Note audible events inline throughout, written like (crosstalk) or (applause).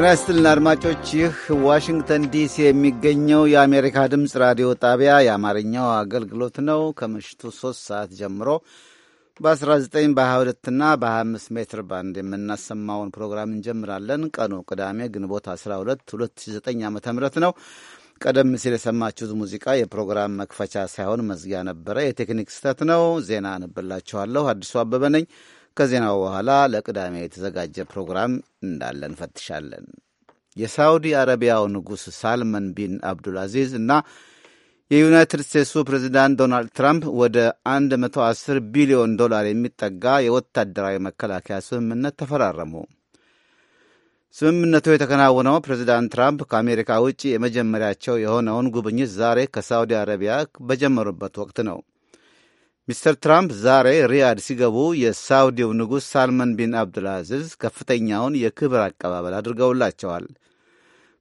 ጤና ይስጥልን አድማጮች፣ ይህ ዋሽንግተን ዲሲ የሚገኘው የአሜሪካ ድምፅ ራዲዮ ጣቢያ የአማርኛው አገልግሎት ነው። ከምሽቱ ሶስት ሰዓት ጀምሮ በ19 በ22ና በ25 ሜትር ባንድ የምናሰማውን ፕሮግራም እንጀምራለን። ቀኑ ቅዳሜ ግንቦት 12 2009 ዓ ም ነው። ቀደም ሲል የሰማችሁት ሙዚቃ የፕሮግራም መክፈቻ ሳይሆን መዝጊያ ነበረ። የቴክኒክ ስህተት ነው። ዜና አነብላችኋለሁ። አዲሱ አበበ ነኝ። ከዜናው በኋላ ለቅዳሜ የተዘጋጀ ፕሮግራም እንዳለ እንፈትሻለን። የሳውዲ አረቢያው ንጉሥ ሳልመን ቢን አብዱል አዚዝ እና የዩናይትድ ስቴትሱ ፕሬዚዳንት ዶናልድ ትራምፕ ወደ 110 ቢሊዮን ዶላር የሚጠጋ የወታደራዊ መከላከያ ስምምነት ተፈራረሙ። ስምምነቱ የተከናወነው ፕሬዚዳንት ትራምፕ ከአሜሪካ ውጭ የመጀመሪያቸው የሆነውን ጉብኝት ዛሬ ከሳውዲ አረቢያ በጀመሩበት ወቅት ነው። ሚስተር ትራምፕ ዛሬ ሪያድ ሲገቡ የሳውዲው ንጉሥ ሳልመን ቢን አብዱልአዚዝ ከፍተኛውን የክብር አቀባበል አድርገውላቸዋል።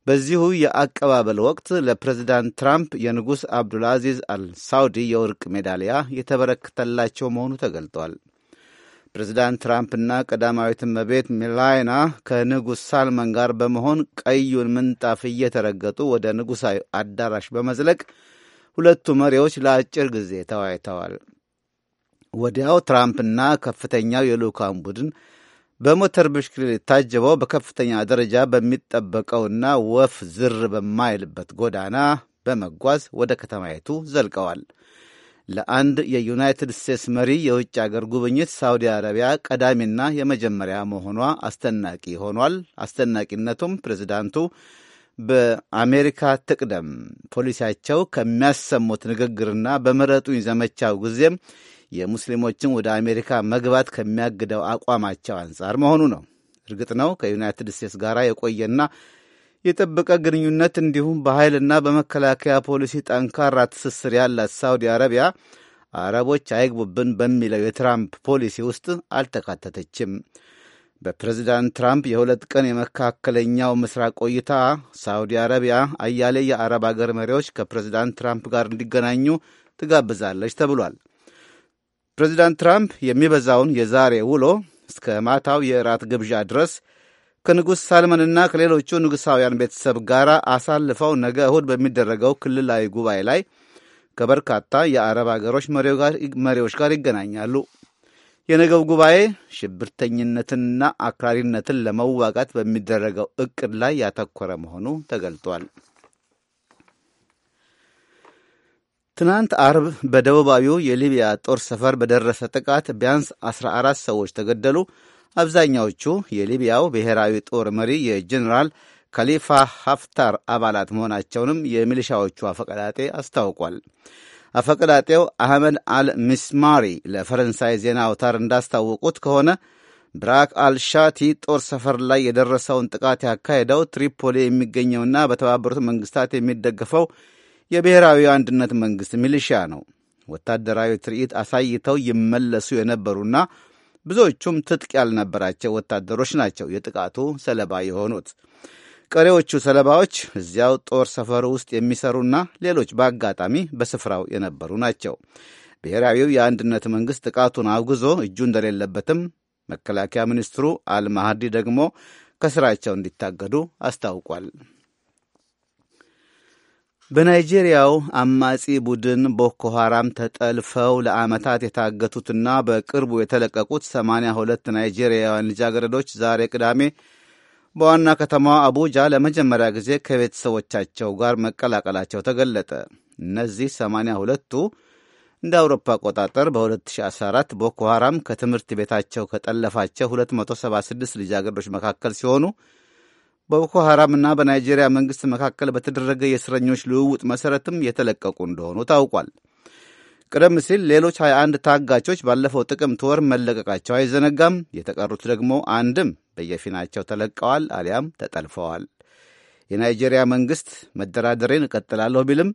በዚሁ የአቀባበል ወቅት ለፕሬዚዳንት ትራምፕ የንጉሥ አብዱልአዚዝ አልሳውዲ የወርቅ ሜዳሊያ የተበረከተላቸው መሆኑ ተገልጧል። ፕሬዚዳንት ትራምፕና ቀዳማዊት እመቤት ሚላይና ከንጉሥ ሳልመን ጋር በመሆን ቀዩን ምንጣፍ እየተረገጡ ወደ ንጉሣዊ አዳራሽ በመዝለቅ ሁለቱ መሪዎች ለአጭር ጊዜ ተወያይተዋል። ወዲያው ትራምፕና ከፍተኛው የልዑካን ቡድን በሞተር ብሽክሌት ታጅበው በከፍተኛ ደረጃ በሚጠበቀውና ወፍ ዝር በማይልበት ጎዳና በመጓዝ ወደ ከተማይቱ ዘልቀዋል። ለአንድ የዩናይትድ ስቴትስ መሪ የውጭ አገር ጉብኝት ሳውዲ አረቢያ ቀዳሚና የመጀመሪያ መሆኗ አስደናቂ ሆኗል። አስደናቂነቱም ፕሬዚዳንቱ በአሜሪካ ትቅደም ፖሊሲያቸው ከሚያሰሙት ንግግርና በምረጡኝ ዘመቻው ጊዜም የሙስሊሞችን ወደ አሜሪካ መግባት ከሚያግደው አቋማቸው አንጻር መሆኑ ነው። እርግጥ ነው ከዩናይትድ ስቴትስ ጋር የቆየና የጠበቀ ግንኙነት እንዲሁም በኃይልና በመከላከያ ፖሊሲ ጠንካራ ትስስር ያላት ሳውዲ አረቢያ አረቦች አይግቡብን በሚለው የትራምፕ ፖሊሲ ውስጥ አልተካተተችም። በፕሬዚዳንት ትራምፕ የሁለት ቀን የመካከለኛው ምስራቅ ቆይታ ሳዑዲ አረቢያ አያሌ የአረብ አገር መሪዎች ከፕሬዚዳንት ትራምፕ ጋር እንዲገናኙ ትጋብዛለች ተብሏል። ፕሬዚዳንት ትራምፕ የሚበዛውን የዛሬ ውሎ እስከ ማታው የእራት ግብዣ ድረስ ከንጉሥ ሳልመንና ከሌሎቹ ንጉሣውያን ቤተሰብ ጋር አሳልፈው ነገ እሁድ በሚደረገው ክልላዊ ጉባኤ ላይ ከበርካታ የአረብ አገሮች መሪዎች ጋር ይገናኛሉ። የነገው ጉባኤ ሽብርተኝነትንና አክራሪነትን ለመዋጋት በሚደረገው እቅድ ላይ ያተኮረ መሆኑ ተገልጧል። ትናንት አርብ በደቡባዊው የሊቢያ ጦር ሰፈር በደረሰ ጥቃት ቢያንስ 14 ሰዎች ተገደሉ። አብዛኛዎቹ የሊቢያው ብሔራዊ ጦር መሪ የጀኔራል ካሊፋ ሀፍታር አባላት መሆናቸውንም የሚሊሻዎቹ አፈቀላጤ አስታውቋል። አፈቀላጤው አህመድ አል ሚስማሪ ለፈረንሳይ ዜና አውታር እንዳስታወቁት ከሆነ ብራክ አልሻቲ ጦር ሰፈር ላይ የደረሰውን ጥቃት ያካሄደው ትሪፖሊ የሚገኘውና በተባበሩት መንግስታት የሚደገፈው የብሔራዊ አንድነት መንግስት ሚሊሺያ ነው። ወታደራዊ ትርኢት አሳይተው ይመለሱ የነበሩና ብዙዎቹም ትጥቅ ያልነበራቸው ወታደሮች ናቸው የጥቃቱ ሰለባ የሆኑት። ቀሪዎቹ ሰለባዎች እዚያው ጦር ሰፈሩ ውስጥ የሚሰሩና ሌሎች በአጋጣሚ በስፍራው የነበሩ ናቸው። ብሔራዊው የአንድነት መንግሥት ጥቃቱን አውግዞ እጁ እንደሌለበትም መከላከያ ሚኒስትሩ አልማሃዲ ደግሞ ከስራቸው እንዲታገዱ አስታውቋል። በናይጄሪያው አማጺ ቡድን ቦኮ ተጠልፈው ለዓመታት የታገቱትና በቅርቡ የተለቀቁት ሁለት ናይጄሪያውያን ልጃገረዶች ዛሬ ቅዳሜ በዋና ከተማዋ አቡጃ ለመጀመሪያ ጊዜ ከቤተሰቦቻቸው ጋር መቀላቀላቸው ተገለጠ። እነዚህ ሰማንያ ሁለቱ እንደ አውሮፓ አቆጣጠር በ2014 ቦኮ ሐራም ከትምህርት ቤታቸው ከጠለፋቸው 276 ልጃገረዶች መካከል ሲሆኑ በቦኮ ሐራምና በናይጄሪያ መንግሥት መካከል በተደረገ የእስረኞች ልውውጥ መሠረትም የተለቀቁ እንደሆኑ ታውቋል። ቀደም ሲል ሌሎች 21 ታጋቾች ባለፈው ጥቅምት ወር መለቀቃቸው አይዘነጋም። የተቀሩት ደግሞ አንድም በየፊናቸው ተለቀዋል አሊያም ተጠልፈዋል። የናይጄሪያ መንግሥት መደራደሬን እቀጥላለሁ ቢልም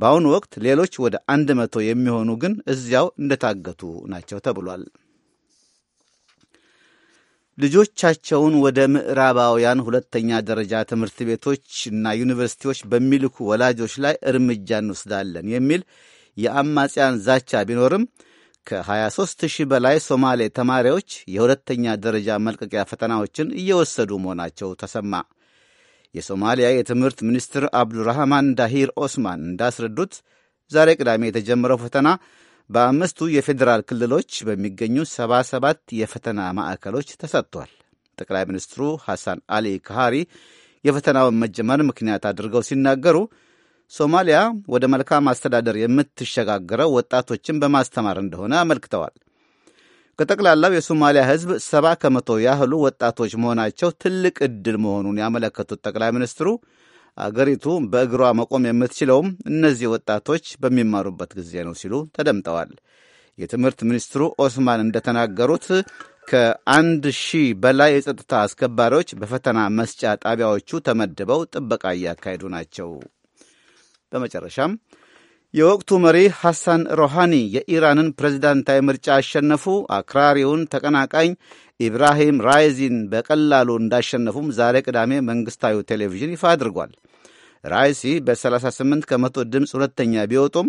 በአሁኑ ወቅት ሌሎች ወደ አንድ መቶ የሚሆኑ ግን እዚያው እንደታገቱ ናቸው ተብሏል። ልጆቻቸውን ወደ ምዕራባውያን ሁለተኛ ደረጃ ትምህርት ቤቶች እና ዩኒቨርሲቲዎች በሚልኩ ወላጆች ላይ እርምጃ እንወስዳለን የሚል የአማጽያን ዛቻ ቢኖርም ከ23 ሺህ በላይ ሶማሌ ተማሪዎች የሁለተኛ ደረጃ መልቀቂያ ፈተናዎችን እየወሰዱ መሆናቸው ተሰማ። የሶማሊያ የትምህርት ሚኒስትር አብዱራህማን ዳሂር ኦስማን እንዳስረዱት ዛሬ ቅዳሜ የተጀመረው ፈተና በአምስቱ የፌዴራል ክልሎች በሚገኙ 77 የፈተና ማዕከሎች ተሰጥቷል። ጠቅላይ ሚኒስትሩ ሐሳን አሊ ካሃሪ የፈተናውን መጀመር ምክንያት አድርገው ሲናገሩ ሶማሊያ ወደ መልካም አስተዳደር የምትሸጋግረው ወጣቶችን በማስተማር እንደሆነ አመልክተዋል። ከጠቅላላው የሶማሊያ ሕዝብ ሰባ ከመቶ ያህሉ ወጣቶች መሆናቸው ትልቅ ዕድል መሆኑን ያመለከቱት ጠቅላይ ሚኒስትሩ አገሪቱ በእግሯ መቆም የምትችለውም እነዚህ ወጣቶች በሚማሩበት ጊዜ ነው ሲሉ ተደምጠዋል። የትምህርት ሚኒስትሩ ኦስማን እንደተናገሩት ከአንድ ሺህ በላይ የጸጥታ አስከባሪዎች በፈተና መስጫ ጣቢያዎቹ ተመድበው ጥበቃ እያካሄዱ ናቸው። በመጨረሻም የወቅቱ መሪ ሐሳን ሮሃኒ የኢራንን ፕሬዚዳንታዊ ምርጫ አሸነፉ፣ አክራሪውን ተቀናቃኝ ኢብራሂም ራይዚን በቀላሉ እንዳሸነፉም ዛሬ ቅዳሜ መንግሥታዊ ቴሌቪዥን ይፋ አድርጓል። ራይሲ በ38 ከመቶ ድምፅ ሁለተኛ ቢወጡም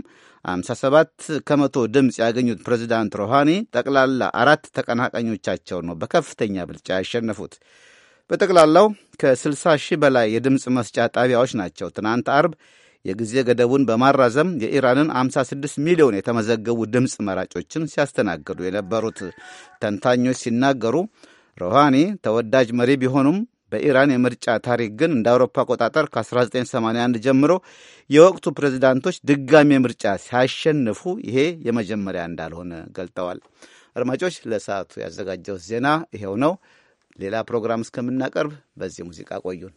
57 ከመቶ ድምፅ ያገኙት ፕሬዚዳንት ሮሃኒ ጠቅላላ አራት ተቀናቃኞቻቸው ነው በከፍተኛ ብልጫ ያሸነፉት። በጠቅላላው ከ60 ሺህ በላይ የድምፅ መስጫ ጣቢያዎች ናቸው ትናንት አርብ የጊዜ ገደቡን በማራዘም የኢራንን 56 ሚሊዮን የተመዘገቡ ድምፅ መራጮችን ሲያስተናግዱ የነበሩት ተንታኞች ሲናገሩ ሮሃኒ ተወዳጅ መሪ ቢሆኑም በኢራን የምርጫ ታሪክ ግን እንደ አውሮፓ አቆጣጠር ከ1981 ጀምሮ የወቅቱ ፕሬዚዳንቶች ድጋሚ ምርጫ ሲያሸንፉ ይሄ የመጀመሪያ እንዳልሆነ ገልጠዋል። አድማጮች፣ ለሰዓቱ ያዘጋጀው ዜና ይኸው ነው። ሌላ ፕሮግራም እስከምናቀርብ በዚህ ሙዚቃ ቆዩን።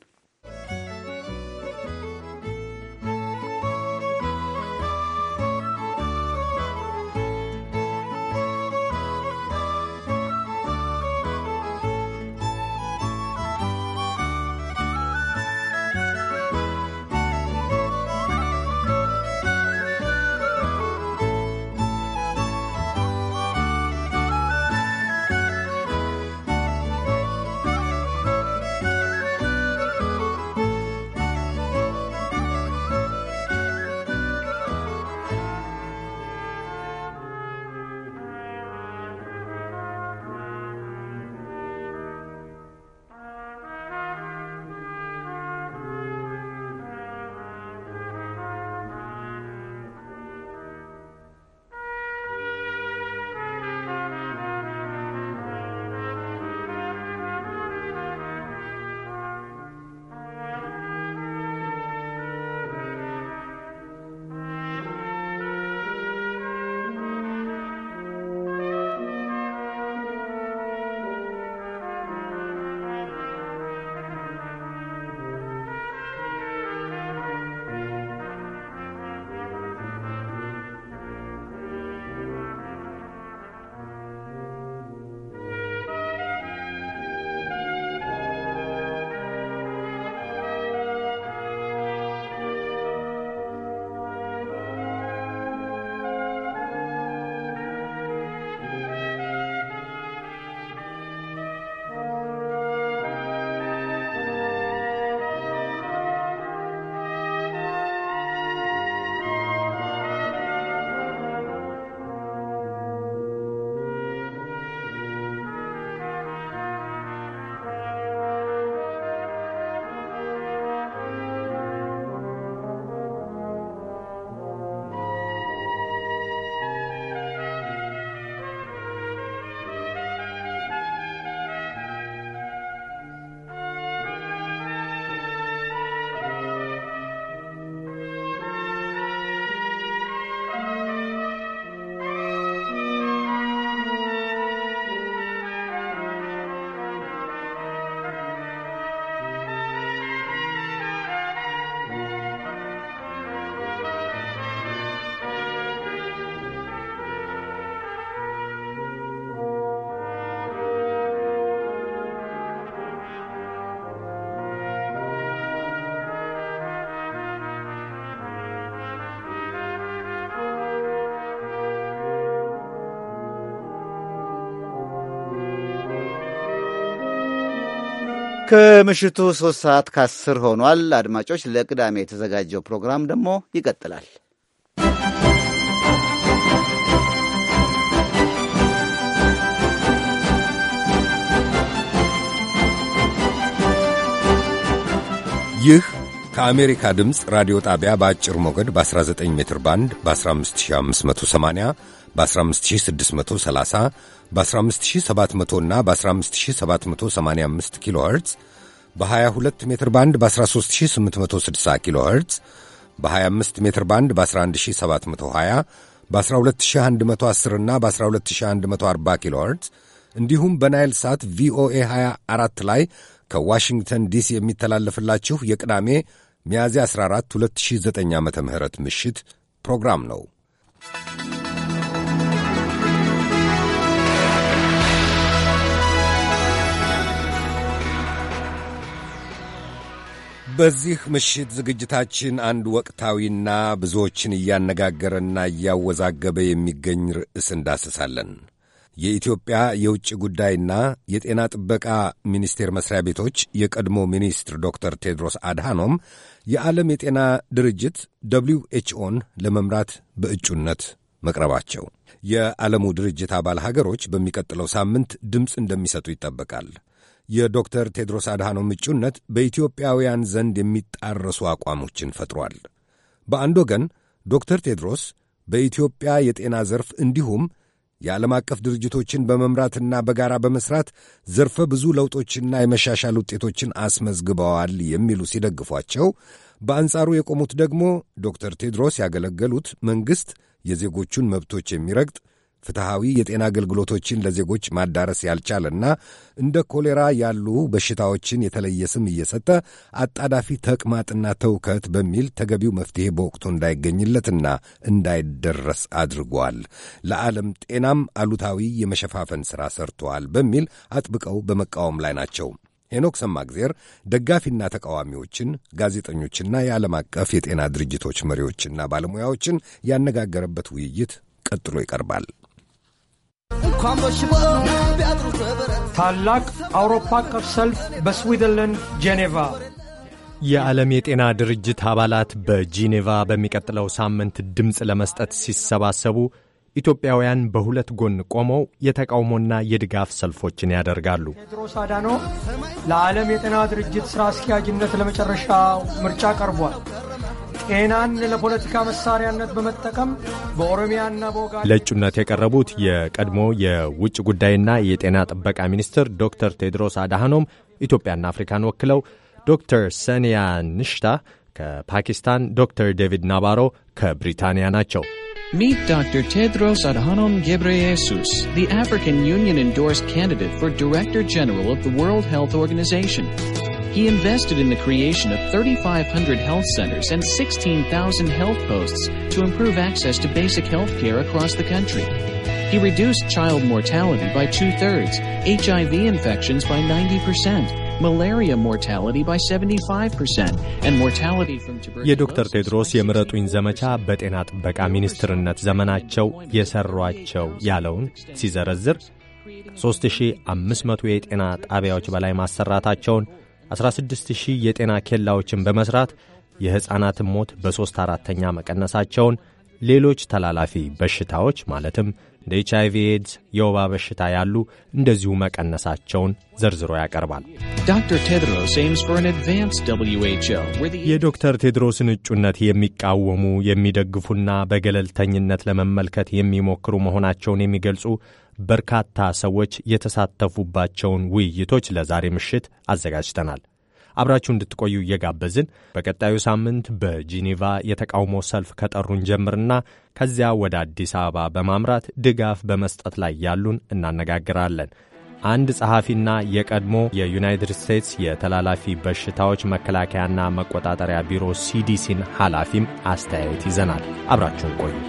ከምሽቱ ሶስት ሰዓት ከአስር ሆኗል። አድማጮች ለቅዳሜ የተዘጋጀው ፕሮግራም ደግሞ ይቀጥላል። ይህ ከአሜሪካ ድምፅ ራዲዮ ጣቢያ በአጭር ሞገድ በ19 ሜትር ባንድ በ15580 በ15630 በ15700 እና በ15785 ኪሎ ኸርትዝ በ22 ሜትር ባንድ በ13860 ኪሎ ኸርትዝ በ25 ሜትር ባንድ በ11720 በ12110 እና በ12140 ኪሎ ኸርትዝ እንዲሁም በናይል ሳት ቪኦኤ 24 ላይ ከዋሽንግተን ዲሲ የሚተላለፍላችሁ የቅዳሜ ሚያዝያ 14 2009 ዓ ም ምሽት ፕሮግራም ነው። በዚህ ምሽት ዝግጅታችን አንድ ወቅታዊና ብዙዎችን እያነጋገረና እያወዛገበ የሚገኝ ርዕስ እንዳስሳለን። የኢትዮጵያ የውጭ ጉዳይና የጤና ጥበቃ ሚኒስቴር መስሪያ ቤቶች የቀድሞ ሚኒስትር ዶክተር ቴድሮስ አድሃኖም የዓለም የጤና ድርጅት ደብሊው ኤችኦን ለመምራት በእጩነት መቅረባቸው የዓለሙ ድርጅት አባል ሀገሮች በሚቀጥለው ሳምንት ድምፅ እንደሚሰጡ ይጠበቃል። የዶክተር ቴድሮስ አድሃኖም እጩነት በኢትዮጵያውያን ዘንድ የሚጣረሱ አቋሞችን ፈጥሯል። በአንድ ወገን ዶክተር ቴድሮስ በኢትዮጵያ የጤና ዘርፍ እንዲሁም የዓለም አቀፍ ድርጅቶችን በመምራትና በጋራ በመስራት ዘርፈ ብዙ ለውጦችና የመሻሻል ውጤቶችን አስመዝግበዋል የሚሉ ሲደግፏቸው፣ በአንጻሩ የቆሙት ደግሞ ዶክተር ቴድሮስ ያገለገሉት መንግሥት የዜጎቹን መብቶች የሚረግጥ ፍትሐዊ የጤና አገልግሎቶችን ለዜጎች ማዳረስ ያልቻለና እንደ ኮሌራ ያሉ በሽታዎችን የተለየ ስም እየሰጠ አጣዳፊ ተቅማጥና ተውከት በሚል ተገቢው መፍትሔ በወቅቱ እንዳይገኝለትና እንዳይደረስ አድርጓል። ለዓለም ጤናም አሉታዊ የመሸፋፈን ሥራ ሰርቷል በሚል አጥብቀው በመቃወም ላይ ናቸው። ሄኖክ ሰማግዜር ደጋፊና ተቃዋሚዎችን፣ ጋዜጠኞችና የዓለም አቀፍ የጤና ድርጅቶች መሪዎችና ባለሙያዎችን ያነጋገረበት ውይይት ቀጥሎ ይቀርባል። ታላቅ አውሮፓ አቀፍ ሰልፍ በስዊዘርላንድ ጄኔቫ። የዓለም የጤና ድርጅት አባላት በጂኔቫ በሚቀጥለው ሳምንት ድምፅ ለመስጠት ሲሰባሰቡ ኢትዮጵያውያን በሁለት ጎን ቆመው የተቃውሞና የድጋፍ ሰልፎችን ያደርጋሉ። ቴድሮስ አዳኖ ለዓለም የጤና ድርጅት ሥራ አስኪያጅነት ለመጨረሻው ምርጫ ቀርቧል። ኤናን ለፖለቲካ መሳሪያነት በመጠቀም በኦሮሚያና በኦጋ ለእጩነት የቀረቡት የቀድሞ የውጭ ጉዳይና የጤና ጥበቃ ሚኒስትር ዶክተር ቴድሮስ አድሃኖም ኢትዮጵያና አፍሪካን ወክለው ዶክተር ሰኒያ ንሽታ ከፓኪስታን፣ ዶክተር ዴቪድ ናባሮ ከብሪታንያ ናቸው። Meet Dr. Tedros Adhanom Ghebreyesus, the African Union-endorsed candidate for Director General of the World Health Organization. He invested in the creation of 3,500 health centers and 16,000 health posts to improve access to basic health care across the country. He reduced child mortality by two thirds, HIV infections by 90%, malaria mortality by 75%, and mortality from tuberculosis. የዶክተር ቴድሮስ የምረጡኝ ዘመቻ በጤና ጥበቃ ሚኒስትርነት ዘመናቸው የሰሯቸው ያለውን ሲዘረዝር 3500 የጤና ጣቢያዎች በላይ ማሰራታቸውን 16,000 ሺህ የጤና ኬላዎችን በመስራት የሕፃናትን ሞት በሦስት አራተኛ መቀነሳቸውን ሌሎች ተላላፊ በሽታዎች ማለትም እንደ ኤች ኤድስ፣ የወባ በሽታ ያሉ እንደዚሁ መቀነሳቸውን ዘርዝሮ ያቀርባል። የዶክተር ቴድሮስን እጩነት የሚቃወሙ የሚደግፉና በገለልተኝነት ለመመልከት የሚሞክሩ መሆናቸውን የሚገልጹ በርካታ ሰዎች የተሳተፉባቸውን ውይይቶች ለዛሬ ምሽት አዘጋጅተናል። አብራችሁ እንድትቆዩ እየጋበዝን በቀጣዩ ሳምንት በጂኔቫ የተቃውሞ ሰልፍ ከጠሩን ጀምርና ከዚያ ወደ አዲስ አበባ በማምራት ድጋፍ በመስጠት ላይ ያሉን እናነጋግራለን። አንድ ጸሐፊና የቀድሞ የዩናይትድ ስቴትስ የተላላፊ በሽታዎች መከላከያና መቆጣጠሪያ ቢሮ ሲዲሲን ኃላፊም አስተያየት ይዘናል። አብራችሁን ቆዩ።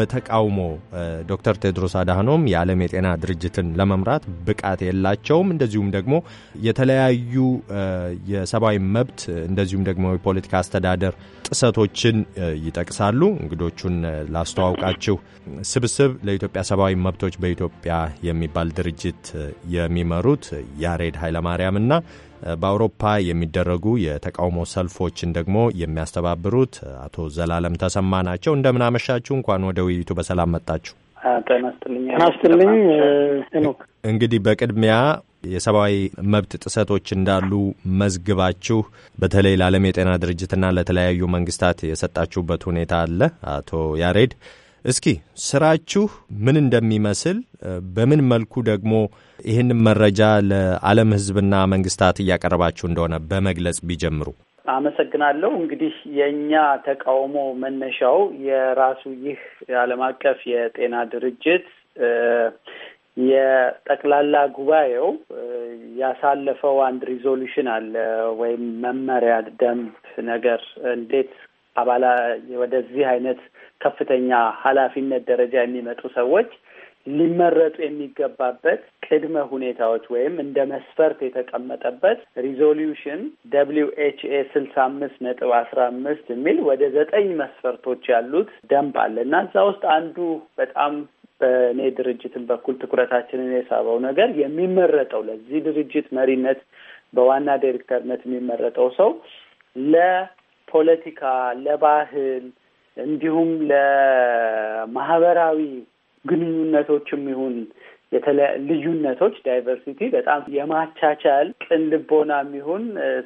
በተቃውሞ ዶክተር ቴድሮስ አድሃኖም የዓለም የጤና ድርጅትን ለመምራት ብቃት የላቸውም፣ እንደዚሁም ደግሞ የተለያዩ የሰብአዊ መብት እንደዚሁም ደግሞ የፖለቲካ አስተዳደር ጥሰቶችን ይጠቅሳሉ። እንግዶቹን ላስተዋውቃችሁ። ስብስብ ለኢትዮጵያ ሰብአዊ መብቶች በኢትዮጵያ የሚባል ድርጅት የሚመሩት ያሬድ ኃይለማርያምና በአውሮፓ የሚደረጉ የተቃውሞ ሰልፎችን ደግሞ የሚያስተባብሩት አቶ ዘላለም ተሰማ ናቸው። እንደምን አመሻችሁ። እንኳን ወደ ውይይቱ በሰላም መጣችሁ። ናስትልኝ እንግዲህ በቅድሚያ የሰብአዊ መብት ጥሰቶች እንዳሉ መዝግባችሁ በተለይ ለዓለም የጤና ድርጅትና ለተለያዩ መንግስታት የሰጣችሁበት ሁኔታ አለ። አቶ ያሬድ እስኪ ስራችሁ ምን እንደሚመስል በምን መልኩ ደግሞ ይህንን መረጃ ለዓለም ሕዝብና መንግስታት እያቀረባችሁ እንደሆነ በመግለጽ ቢጀምሩ። አመሰግናለሁ። እንግዲህ የእኛ ተቃውሞ መነሻው የራሱ ይህ የዓለም አቀፍ የጤና ድርጅት የጠቅላላ ጉባኤው ያሳለፈው አንድ ሪዞሉሽን አለ ወይም መመሪያ ደንብ ነገር እንዴት አባላ ወደዚህ አይነት ከፍተኛ ኃላፊነት ደረጃ የሚመጡ ሰዎች ሊመረጡ የሚገባበት ቅድመ ሁኔታዎች ወይም እንደ መስፈርት የተቀመጠበት ሪዞሉሽን ደብሊው ኤች ኤ ስልሳ አምስት ነጥብ አስራ አምስት የሚል ወደ ዘጠኝ መስፈርቶች ያሉት ደንብ አለ እና እዛ ውስጥ አንዱ በጣም በእኔ ድርጅትን በኩል ትኩረታችንን የሳበው ነገር የሚመረጠው ለዚህ ድርጅት መሪነት በዋና ዳይሬክተርነት የሚመረጠው ሰው ለፖለቲካ፣ ለባህል፣ እንዲሁም ለማህበራዊ ግንኙነቶችም ይሁን የተለያ ልዩነቶች ዳይቨርሲቲ በጣም የማቻቻል ቅን ልቦና የሚሆን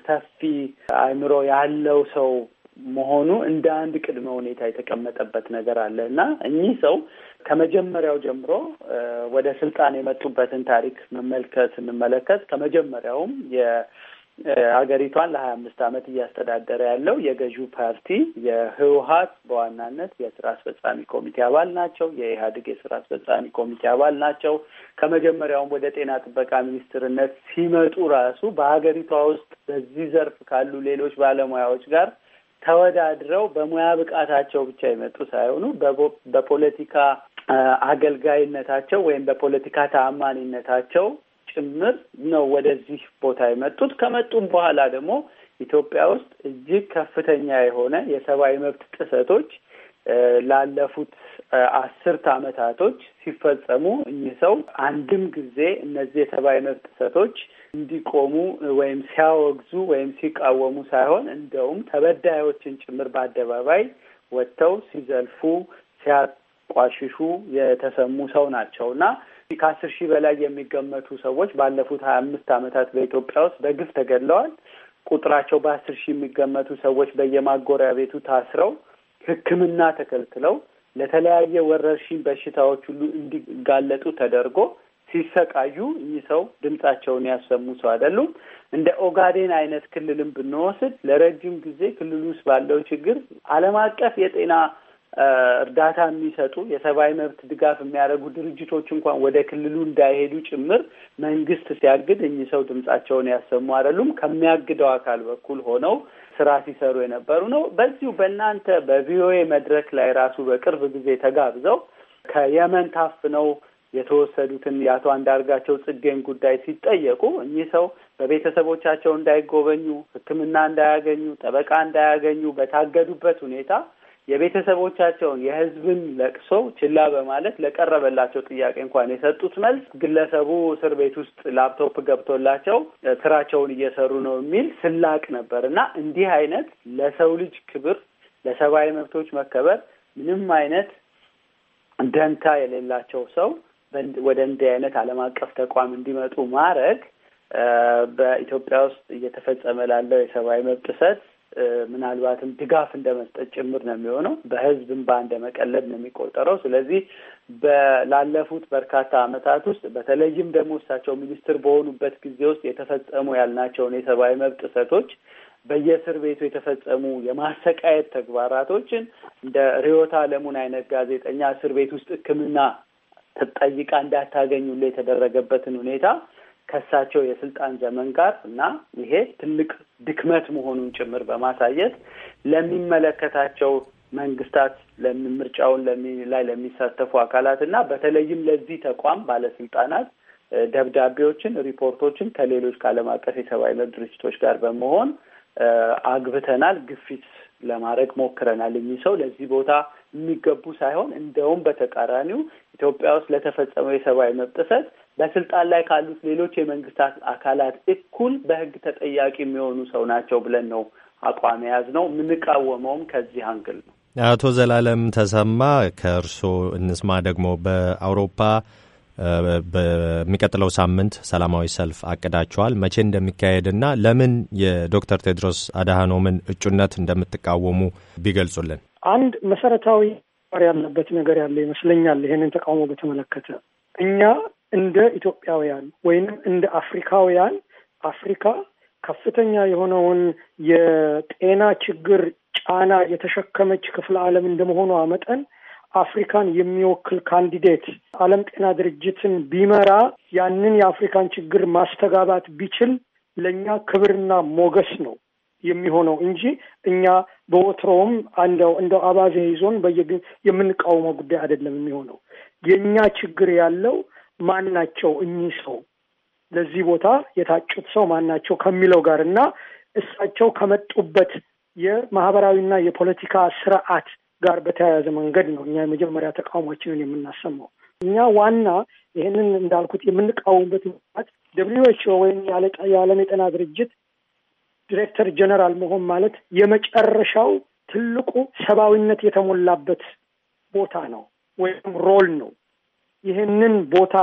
ሰፊ አይምሮ ያለው ሰው መሆኑ እንደ አንድ ቅድመ ሁኔታ የተቀመጠበት ነገር አለ እና እኚህ ሰው ከመጀመሪያው ጀምሮ ወደ ስልጣን የመጡበትን ታሪክ መመልከት ስንመለከት ከመጀመሪያውም ሀገሪቷን ለሀያ አምስት ዓመት እያስተዳደረ ያለው የገዢው ፓርቲ የህወሀት በዋናነት የስራ አስፈጻሚ ኮሚቴ አባል ናቸው። የኢህአዴግ የስራ አስፈጻሚ ኮሚቴ አባል ናቸው። ከመጀመሪያውም ወደ ጤና ጥበቃ ሚኒስትርነት ሲመጡ ራሱ በሀገሪቷ ውስጥ በዚህ ዘርፍ ካሉ ሌሎች ባለሙያዎች ጋር ተወዳድረው በሙያ ብቃታቸው ብቻ የመጡ ሳይሆኑ በፖለቲካ አገልጋይነታቸው ወይም በፖለቲካ ተአማኒነታቸው ጭምር ነው ወደዚህ ቦታ የመጡት። ከመጡም በኋላ ደግሞ ኢትዮጵያ ውስጥ እጅግ ከፍተኛ የሆነ የሰብአዊ መብት ጥሰቶች ላለፉት አስርት ዓመታቶች ሲፈጸሙ እኚህ ሰው አንድም ጊዜ እነዚህ የሰብአዊ መብት ጥሰቶች እንዲቆሙ ወይም ሲያወግዙ ወይም ሲቃወሙ ሳይሆን እንደውም ተበዳዮችን ጭምር በአደባባይ ወጥተው ሲዘልፉ፣ ሲያቋሽሹ የተሰሙ ሰው ናቸው እና ከአስር ሺህ በላይ የሚገመቱ ሰዎች ባለፉት ሀያ አምስት ዓመታት በኢትዮጵያ ውስጥ በግፍ ተገድለዋል። ቁጥራቸው በአስር ሺህ የሚገመቱ ሰዎች በየማጎሪያ ቤቱ ታስረው ሕክምና ተከልክለው ለተለያየ ወረርሽኝ በሽታዎች ሁሉ እንዲጋለጡ ተደርጎ ሲሰቃዩ እኚህ ሰው ድምጻቸውን ያሰሙ ሰው አይደሉም። እንደ ኦጋዴን አይነት ክልልም ብንወስድ ለረጅም ጊዜ ክልል ውስጥ ባለው ችግር ዓለም አቀፍ የጤና እርዳታ የሚሰጡ የሰብአዊ መብት ድጋፍ የሚያደርጉ ድርጅቶች እንኳን ወደ ክልሉ እንዳይሄዱ ጭምር መንግስት ሲያግድ እኚህ ሰው ድምጻቸውን ያሰሙ አይደሉም። ከሚያግደው አካል በኩል ሆነው ስራ ሲሰሩ የነበሩ ነው። በዚሁ በእናንተ በቪኦኤ መድረክ ላይ ራሱ በቅርብ ጊዜ ተጋብዘው ከየመን ታፍነው የተወሰዱትን የአቶ አንዳርጋቸው ጽጌን ጉዳይ ሲጠየቁ እኚህ ሰው በቤተሰቦቻቸው እንዳይጎበኙ፣ ሕክምና እንዳያገኙ፣ ጠበቃ እንዳያገኙ በታገዱበት ሁኔታ የቤተሰቦቻቸውን የህዝብን ለቅሶ ችላ በማለት ለቀረበላቸው ጥያቄ እንኳን የሰጡት መልስ ግለሰቡ እስር ቤት ውስጥ ላፕቶፕ ገብቶላቸው ስራቸውን እየሰሩ ነው የሚል ስላቅ ነበር እና እንዲህ አይነት ለሰው ልጅ ክብር፣ ለሰብአዊ መብቶች መከበር ምንም አይነት ደንታ የሌላቸው ሰው ወደ እንዲህ አይነት ዓለም አቀፍ ተቋም እንዲመጡ ማድረግ በኢትዮጵያ ውስጥ እየተፈጸመ ላለው የሰብአዊ መብት ጥሰት ምናልባትም ድጋፍ እንደ መስጠት ጭምር ነው የሚሆነው። በህዝብ እንባ እንደ መቀለድ ነው የሚቆጠረው። ስለዚህ ላለፉት በርካታ አመታት ውስጥ በተለይም ደግሞ እሳቸው ሚኒስትር በሆኑበት ጊዜ ውስጥ የተፈጸሙ ያልናቸውን የሰብአዊ መብት ጥሰቶች በየእስር ቤቱ የተፈጸሙ የማሰቃየት ተግባራቶችን እንደ ርዕዮተ ዓለሙን አይነት ጋዜጠኛ እስር ቤት ውስጥ ሕክምና ተጠይቃ እንዳታገኙ የተደረገበትን ሁኔታ ከሳቸው የስልጣን ዘመን ጋር እና ይሄ ትልቅ ድክመት መሆኑን ጭምር በማሳየት ለሚመለከታቸው መንግስታት ምርጫውን ላይ ለሚሳተፉ አካላት እና በተለይም ለዚህ ተቋም ባለስልጣናት ደብዳቤዎችን፣ ሪፖርቶችን ከሌሎች ከዓለም አቀፍ የሰብአዊ መብት ድርጅቶች ጋር በመሆን አግብተናል፣ ግፊት ለማድረግ ሞክረናል። የሚ ሰው ለዚህ ቦታ የሚገቡ ሳይሆን እንደውም በተቃራኒው ኢትዮጵያ ውስጥ ለተፈጸመው የሰብአዊ መብት ጥሰት በስልጣን ላይ ካሉት ሌሎች የመንግስታት አካላት እኩል በህግ ተጠያቂ የሚሆኑ ሰው ናቸው ብለን ነው አቋም የያዝ ነው። የምንቃወመውም ከዚህ አንግል ነው። አቶ ዘላለም ተሰማ ከእርሶ እንስማ። ደግሞ በአውሮፓ በሚቀጥለው ሳምንት ሰላማዊ ሰልፍ አቅዳችኋል። መቼ እንደሚካሄድና ለምን የዶክተር ቴድሮስ አድሃኖምን እጩነት እንደምትቃወሙ ቢገልጹልን። አንድ መሰረታዊ ያለበት ነገር ያለ ይመስለኛል። ይህንን ተቃውሞ በተመለከተ እኛ እንደ ኢትዮጵያውያን ወይንም እንደ አፍሪካውያን አፍሪካ ከፍተኛ የሆነውን የጤና ችግር ጫና የተሸከመች ክፍለ ዓለም እንደመሆኗ መጠን አፍሪካን የሚወክል ካንዲዴት ዓለም ጤና ድርጅትን ቢመራ ያንን የአፍሪካን ችግር ማስተጋባት ቢችል ለእኛ ክብርና ሞገስ ነው የሚሆነው እንጂ እኛ በወትሮውም እንደው እንደው አባዜ ይዞን በየ የምንቃወመው ጉዳይ አይደለም የሚሆነው። የእኛ ችግር ያለው ማን ናቸው እኚህ ሰው ለዚህ ቦታ የታጩት ሰው ማን ናቸው ከሚለው ጋር እና እሳቸው ከመጡበት የማህበራዊና የፖለቲካ ስርዓት ጋር በተያያዘ መንገድ ነው እኛ የመጀመሪያ ተቃውሟችንን የምናሰማው። እኛ ዋና ይህንን እንዳልኩት የምንቃወምበት ምክንያት ደብሊዩ ኤች ኦ ወይም የዓለም የጤና ድርጅት ዲሬክተር ጀነራል መሆን ማለት የመጨረሻው ትልቁ ሰብአዊነት የተሞላበት ቦታ ነው ወይም ሮል ነው። ይህንን ቦታ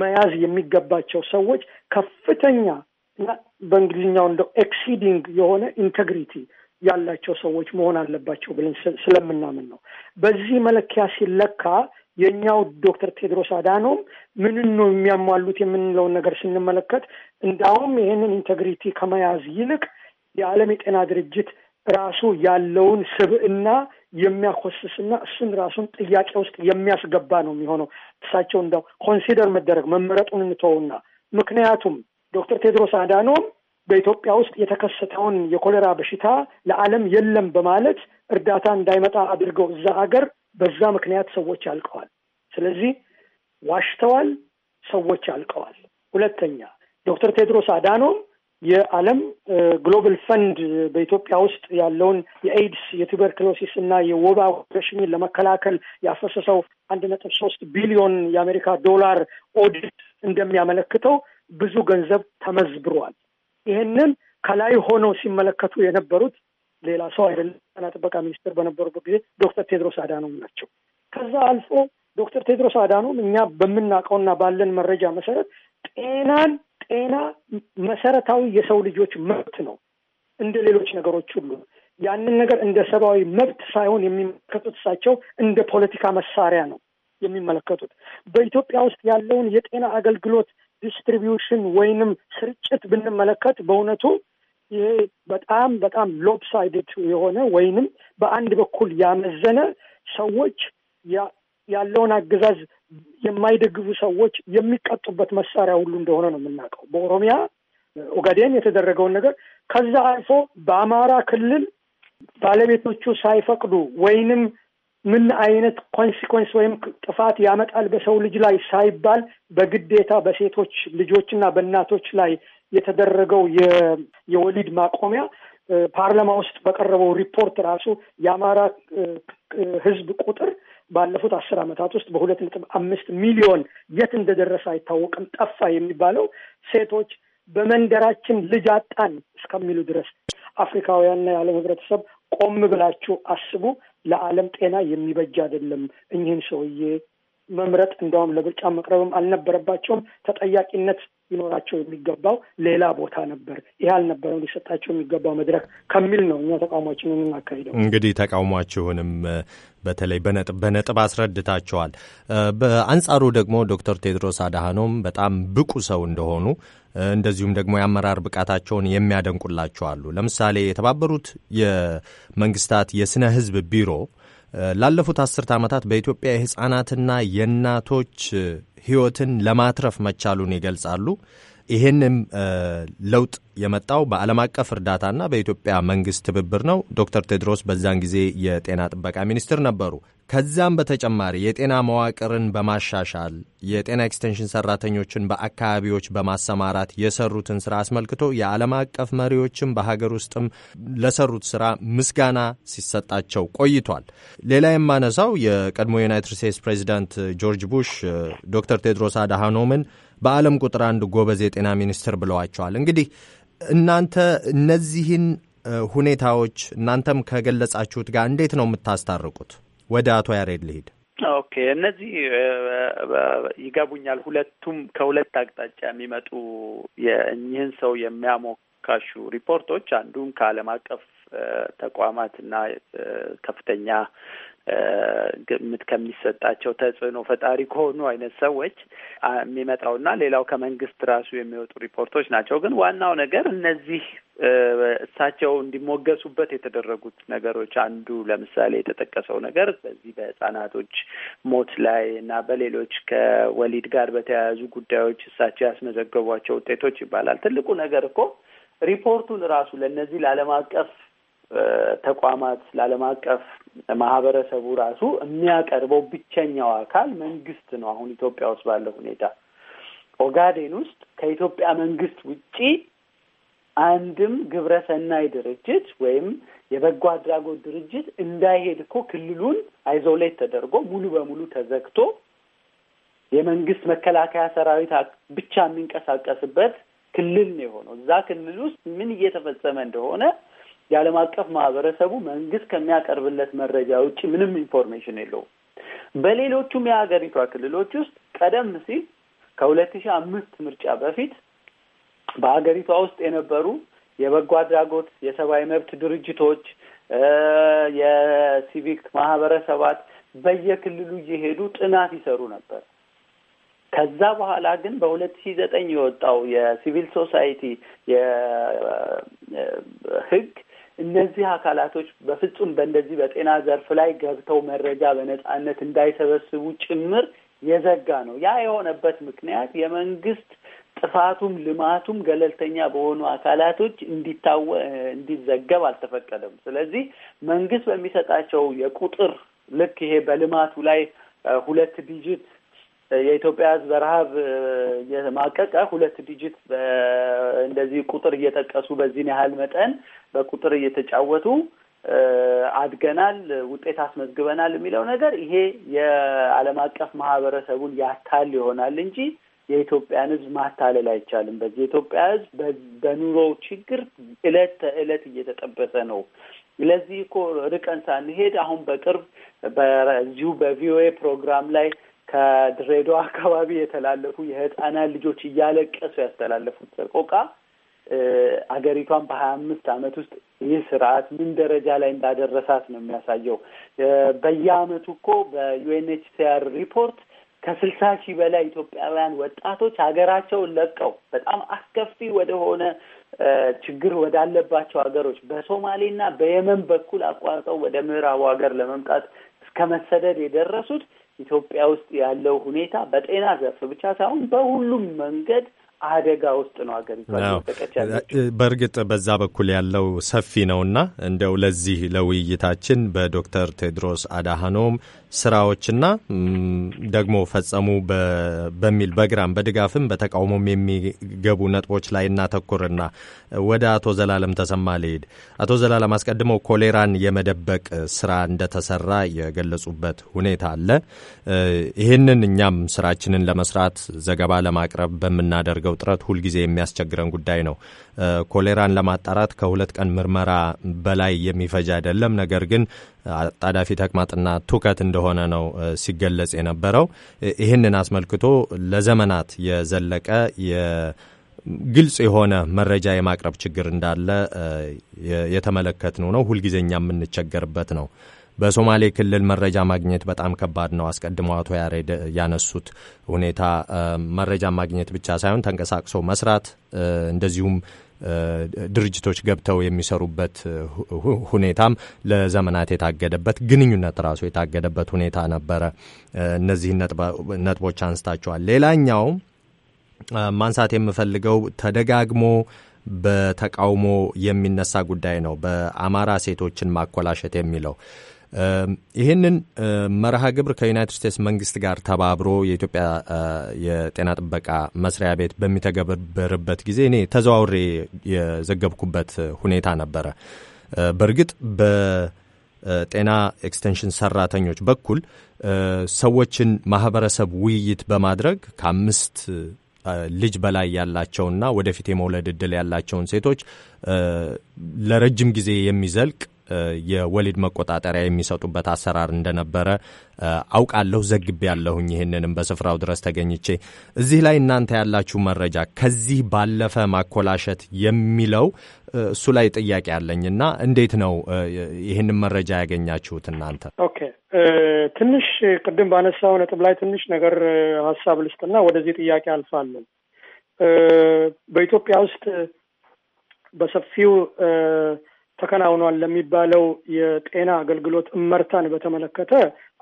መያዝ የሚገባቸው ሰዎች ከፍተኛ በእንግሊዝኛው እንደው ኤክሲዲንግ የሆነ ኢንቴግሪቲ ያላቸው ሰዎች መሆን አለባቸው ብለን ስለምናምን ነው። በዚህ መለኪያ ሲለካ የእኛው ዶክተር ቴድሮስ አዳኖም ምንን ነው የሚያሟሉት የምንለውን ነገር ስንመለከት እንዳውም ይህንን ኢንቴግሪቲ ከመያዝ ይልቅ የዓለም የጤና ድርጅት ራሱ ያለውን ስብዕና የሚያኮስስና እሱን ራሱን ጥያቄ ውስጥ የሚያስገባ ነው የሚሆነው። እሳቸው እንደው ኮንሲደር መደረግ መመረጡን እንተውና ምክንያቱም ዶክተር ቴድሮስ አዳኖም በኢትዮጵያ ውስጥ የተከሰተውን የኮሌራ በሽታ ለዓለም የለም በማለት እርዳታ እንዳይመጣ አድርገው እዛ ሀገር በዛ ምክንያት ሰዎች አልቀዋል። ስለዚህ ዋሽተዋል፣ ሰዎች አልቀዋል። ሁለተኛ ዶክተር ቴድሮስ አዳኖም የዓለም ግሎባል ፈንድ በኢትዮጵያ ውስጥ ያለውን የኤድስ የቱበርክሎሲስ እና የወባ ወረርሽኝን ለመከላከል ያፈሰሰው አንድ ነጥብ ሶስት ቢሊዮን የአሜሪካ ዶላር ኦዲት እንደሚያመለክተው ብዙ ገንዘብ ተመዝብሯል። ይህንን ከላይ ሆነው ሲመለከቱ የነበሩት ሌላ ሰው አይደለም፣ ጤና ጥበቃ ሚኒስትር በነበሩበት ጊዜ ዶክተር ቴድሮስ አዳኖም ናቸው። ከዛ አልፎ ዶክተር ቴድሮስ አዳኖም እኛ በምናውቀውና ባለን መረጃ መሰረት ጤናን ጤና መሰረታዊ የሰው ልጆች መብት ነው እንደ ሌሎች ነገሮች ሁሉ። ያንን ነገር እንደ ሰብአዊ መብት ሳይሆን የሚመለከቱት እሳቸው እንደ ፖለቲካ መሳሪያ ነው የሚመለከቱት። በኢትዮጵያ ውስጥ ያለውን የጤና አገልግሎት ዲስትሪቢዩሽን ወይንም ስርጭት ብንመለከት በእውነቱ ይሄ በጣም በጣም ሎፕሳይድድ የሆነ ወይንም በአንድ በኩል ያመዘነ ሰዎች ያለውን አገዛዝ የማይደግፉ ሰዎች የሚቀጡበት መሳሪያ ሁሉ እንደሆነ ነው የምናውቀው። በኦሮሚያ ኦጋዴን የተደረገውን ነገር ከዛ አልፎ በአማራ ክልል ባለቤቶቹ ሳይፈቅዱ ወይንም ምን አይነት ኮንሲኮንስ ወይም ጥፋት ያመጣል በሰው ልጅ ላይ ሳይባል በግዴታ በሴቶች ልጆችና በእናቶች ላይ የተደረገው የወሊድ ማቆሚያ ፓርላማ ውስጥ በቀረበው ሪፖርት ራሱ የአማራ ሕዝብ ቁጥር ባለፉት አስር ዓመታት ውስጥ በሁለት ነጥብ አምስት ሚሊዮን የት እንደደረሰ አይታወቅም ጠፋ የሚባለው ሴቶች በመንደራችን ልጅ አጣን እስከሚሉ ድረስ አፍሪካውያንና የዓለም ህብረተሰብ ቆም ብላችሁ አስቡ። ለዓለም ጤና የሚበጅ አይደለም። እኚህን ሰውዬ መምረጥ እንደውም ለብርጫ መቅረብም አልነበረባቸውም። ተጠያቂነት ሊኖራቸው የሚገባው ሌላ ቦታ ነበር፣ ይህ አልነበረም ሊሰጣቸው የሚገባው መድረክ ከሚል ነው እኛ ተቃውሟችን የምናካሂደው። እንግዲህ ተቃውሟችሁንም በተለይ በነጥብ በነጥብ አስረድታቸዋል። በአንጻሩ ደግሞ ዶክተር ቴድሮስ አድሃኖም በጣም ብቁ ሰው እንደሆኑ እንደዚሁም ደግሞ የአመራር ብቃታቸውን የሚያደንቁላቸው አሉ። ለምሳሌ የተባበሩት የመንግስታት የስነ ህዝብ ቢሮ ላለፉት አስርት ዓመታት በኢትዮጵያ የህጻናትና የእናቶች ሕይወትን ለማትረፍ መቻሉን ይገልጻሉ። ይህንም ለውጥ የመጣው በዓለም አቀፍ እርዳታና በኢትዮጵያ መንግስት ትብብር ነው። ዶክተር ቴድሮስ በዛን ጊዜ የጤና ጥበቃ ሚኒስትር ነበሩ። ከዛም በተጨማሪ የጤና መዋቅርን በማሻሻል የጤና ኤክስቴንሽን ሰራተኞችን በአካባቢዎች በማሰማራት የሰሩትን ስራ አስመልክቶ የዓለም አቀፍ መሪዎችም በሀገር ውስጥም ለሰሩት ስራ ምስጋና ሲሰጣቸው ቆይቷል። ሌላ የማነሳው የቀድሞ ዩናይትድ ስቴትስ ፕሬዚዳንት ጆርጅ ቡሽ ዶክተር ቴድሮስ አድሃኖምን በዓለም ቁጥር አንድ ጎበዝ የጤና ሚኒስትር ብለዋቸዋል። እንግዲህ እናንተ እነዚህን ሁኔታዎች እናንተም ከገለጻችሁት ጋር እንዴት ነው የምታስታርቁት? ወደ አቶ ያሬድ ልሂድ። ኦኬ፣ እነዚህ ይገቡኛል። ሁለቱም ከሁለት አቅጣጫ የሚመጡ የእኚህን ሰው የሚያሞካሹ ሪፖርቶች አንዱም ከዓለም አቀፍ ተቋማትና ከፍተኛ ግምት ከሚሰጣቸው ተጽዕኖ ፈጣሪ ከሆኑ አይነት ሰዎች የሚመጣውና ሌላው ከመንግስት ራሱ የሚወጡ ሪፖርቶች ናቸው። ግን ዋናው ነገር እነዚህ እሳቸው እንዲሞገሱበት የተደረጉት ነገሮች አንዱ ለምሳሌ የተጠቀሰው ነገር በዚህ በህጻናቶች ሞት ላይ እና በሌሎች ከወሊድ ጋር በተያያዙ ጉዳዮች እሳቸው ያስመዘገቧቸው ውጤቶች ይባላል። ትልቁ ነገር እኮ ሪፖርቱን ራሱ ለእነዚህ ለዓለም አቀፍ ተቋማት ለዓለም አቀፍ ማህበረሰቡ ራሱ የሚያቀርበው ብቸኛው አካል መንግስት ነው። አሁን ኢትዮጵያ ውስጥ ባለው ሁኔታ ኦጋዴን ውስጥ ከኢትዮጵያ መንግስት ውጪ አንድም ግብረ ሰናይ ድርጅት ወይም የበጎ አድራጎት ድርጅት እንዳይሄድ እኮ ክልሉን አይዞሌት ተደርጎ ሙሉ በሙሉ ተዘግቶ የመንግስት መከላከያ ሰራዊት ብቻ የሚንቀሳቀስበት ክልል ነው የሆነው። እዛ ክልል ውስጥ ምን እየተፈጸመ እንደሆነ የዓለም አቀፍ ማህበረሰቡ መንግስት ከሚያቀርብለት መረጃ ውጭ ምንም ኢንፎርሜሽን የለውም። በሌሎቹም የሀገሪቷ ክልሎች ውስጥ ቀደም ሲል ከሁለት ሺህ አምስት ምርጫ በፊት በሀገሪቷ ውስጥ የነበሩ የበጎ አድራጎት የሰብአዊ መብት ድርጅቶች፣ የሲቪክ ማህበረሰባት በየክልሉ እየሄዱ ጥናት ይሰሩ ነበር። ከዛ በኋላ ግን በሁለት ሺህ ዘጠኝ የወጣው የሲቪል ሶሳይቲ የህግ እነዚህ አካላቶች በፍጹም በእንደዚህ በጤና ዘርፍ ላይ ገብተው መረጃ በነጻነት እንዳይሰበስቡ ጭምር የዘጋ ነው። ያ የሆነበት ምክንያት የመንግስት ጥፋቱም ልማቱም ገለልተኛ በሆኑ አካላቶች እንዲታወ እንዲዘገብ አልተፈቀደም። ስለዚህ መንግስት በሚሰጣቸው የቁጥር ልክ ይሄ በልማቱ ላይ ሁለት ዲጂት የኢትዮጵያ ህዝብ በረሀብ እየማቀቀ ሁለት ዲጂት እንደዚህ ቁጥር እየጠቀሱ በዚህን ያህል መጠን በቁጥር እየተጫወቱ አድገናል፣ ውጤት አስመዝግበናል የሚለው ነገር ይሄ የዓለም አቀፍ ማህበረሰቡን ያታል ይሆናል እንጂ የኢትዮጵያን ህዝብ ማታለል አይቻልም። በዚህ የኢትዮጵያ ህዝብ በኑሮው ችግር እለት ተእለት እየተጠበሰ ነው። ለዚህ እኮ ርቀን ሳንሄድ አሁን በቅርብ በዚሁ በቪኦኤ ፕሮግራም ላይ ከድሬዳዋ አካባቢ የተላለፉ የህፃናት ልጆች እያለቀሱ ያስተላለፉት ሰቆቃ አገሪቷን በሀያ አምስት አመት ውስጥ ይህ ስርዓት ምን ደረጃ ላይ እንዳደረሳት ነው የሚያሳየው። በየአመቱ እኮ በዩኤንኤችሲአር ሪፖርት ከስልሳ ሺህ በላይ ኢትዮጵያውያን ወጣቶች ሀገራቸውን ለቀው በጣም አስከፊ ወደሆነ ችግር ወዳለባቸው ሀገሮች በሶማሌና በየመን በኩል አቋርጠው ወደ ምዕራቡ ሀገር ለመምጣት እስከ መሰደድ የደረሱት ኢትዮጵያ ውስጥ ያለው ሁኔታ በጤና ዘርፍ ብቻ ሳይሆን በሁሉም መንገድ አደጋ ውስጥ ነው ሀገሪቷ በእርግጥ በዛ በኩል ያለው ሰፊ ነውና እንደው ለዚህ ለውይይታችን በዶክተር ቴድሮስ አድሃኖም ስራዎችና ደግሞ ፈጸሙ በሚል በግራም በድጋፍም በተቃውሞም የሚገቡ ነጥቦች ላይ እናተኩርና ወደ አቶ ዘላለም ተሰማ ልሄድ። አቶ ዘላለም አስቀድመው ኮሌራን የመደበቅ ስራ እንደተሰራ የገለጹበት ሁኔታ አለ። ይህንን እኛም ስራችንን ለመስራት ዘገባ ለማቅረብ በምናደርገው ጥረት ሁልጊዜ የሚያስቸግረን ጉዳይ ነው። ኮሌራን ለማጣራት ከሁለት ቀን ምርመራ በላይ የሚፈጅ አይደለም። ነገር ግን አጣዳፊ ተቅማጥና ትውከት እንደሆነ ነው ሲገለጽ የነበረው። ይህንን አስመልክቶ ለዘመናት የዘለቀ ግልጽ የሆነ መረጃ የማቅረብ ችግር እንዳለ የተመለከትነው ነው። ሁልጊዜኛ የምንቸገርበት ነው። በሶማሌ ክልል መረጃ ማግኘት በጣም ከባድ ነው። አስቀድሞ አቶ ያሬድ ያነሱት ሁኔታ መረጃ ማግኘት ብቻ ሳይሆን ተንቀሳቅሶ መስራት እንደዚሁም ድርጅቶች ገብተው የሚሰሩበት ሁኔታም ለዘመናት የታገደበት ግንኙነት ራሱ የታገደበት ሁኔታ ነበረ። እነዚህን ነጥቦች አንስታቸዋል። ሌላኛው ማንሳት የምፈልገው ተደጋግሞ በተቃውሞ የሚነሳ ጉዳይ ነው። በአማራ ሴቶችን ማኮላሸት የሚለው ይህንን መርሃ ግብር ከዩናይትድ ስቴትስ መንግስት ጋር ተባብሮ የኢትዮጵያ የጤና ጥበቃ መስሪያ ቤት በሚተገበርበት ጊዜ እኔ ተዘዋውሬ የዘገብኩበት ሁኔታ ነበረ። በእርግጥ በጤና ኤክስቴንሽን ሰራተኞች በኩል ሰዎችን ማህበረሰብ ውይይት በማድረግ ከአምስት ልጅ በላይ ያላቸውና ወደፊት የመውለድ እድል ያላቸውን ሴቶች ለረጅም ጊዜ የሚዘልቅ የወሊድ መቆጣጠሪያ የሚሰጡበት አሰራር እንደነበረ አውቃለሁ። ዘግቤ ያለሁኝ ይህንንም በስፍራው ድረስ ተገኝቼ እዚህ ላይ እናንተ ያላችሁ መረጃ ከዚህ ባለፈ ማኮላሸት የሚለው እሱ ላይ ጥያቄ አለኝ እና እንዴት ነው ይህንን መረጃ ያገኛችሁት እናንተ? ኦኬ ትንሽ ቅድም ባነሳው ነጥብ ላይ ትንሽ ነገር ሀሳብ ልስጥና ወደዚህ ጥያቄ አልፋለን። በኢትዮጵያ ውስጥ በሰፊው ተከናውኗል ለሚባለው የጤና አገልግሎት እመርታን በተመለከተ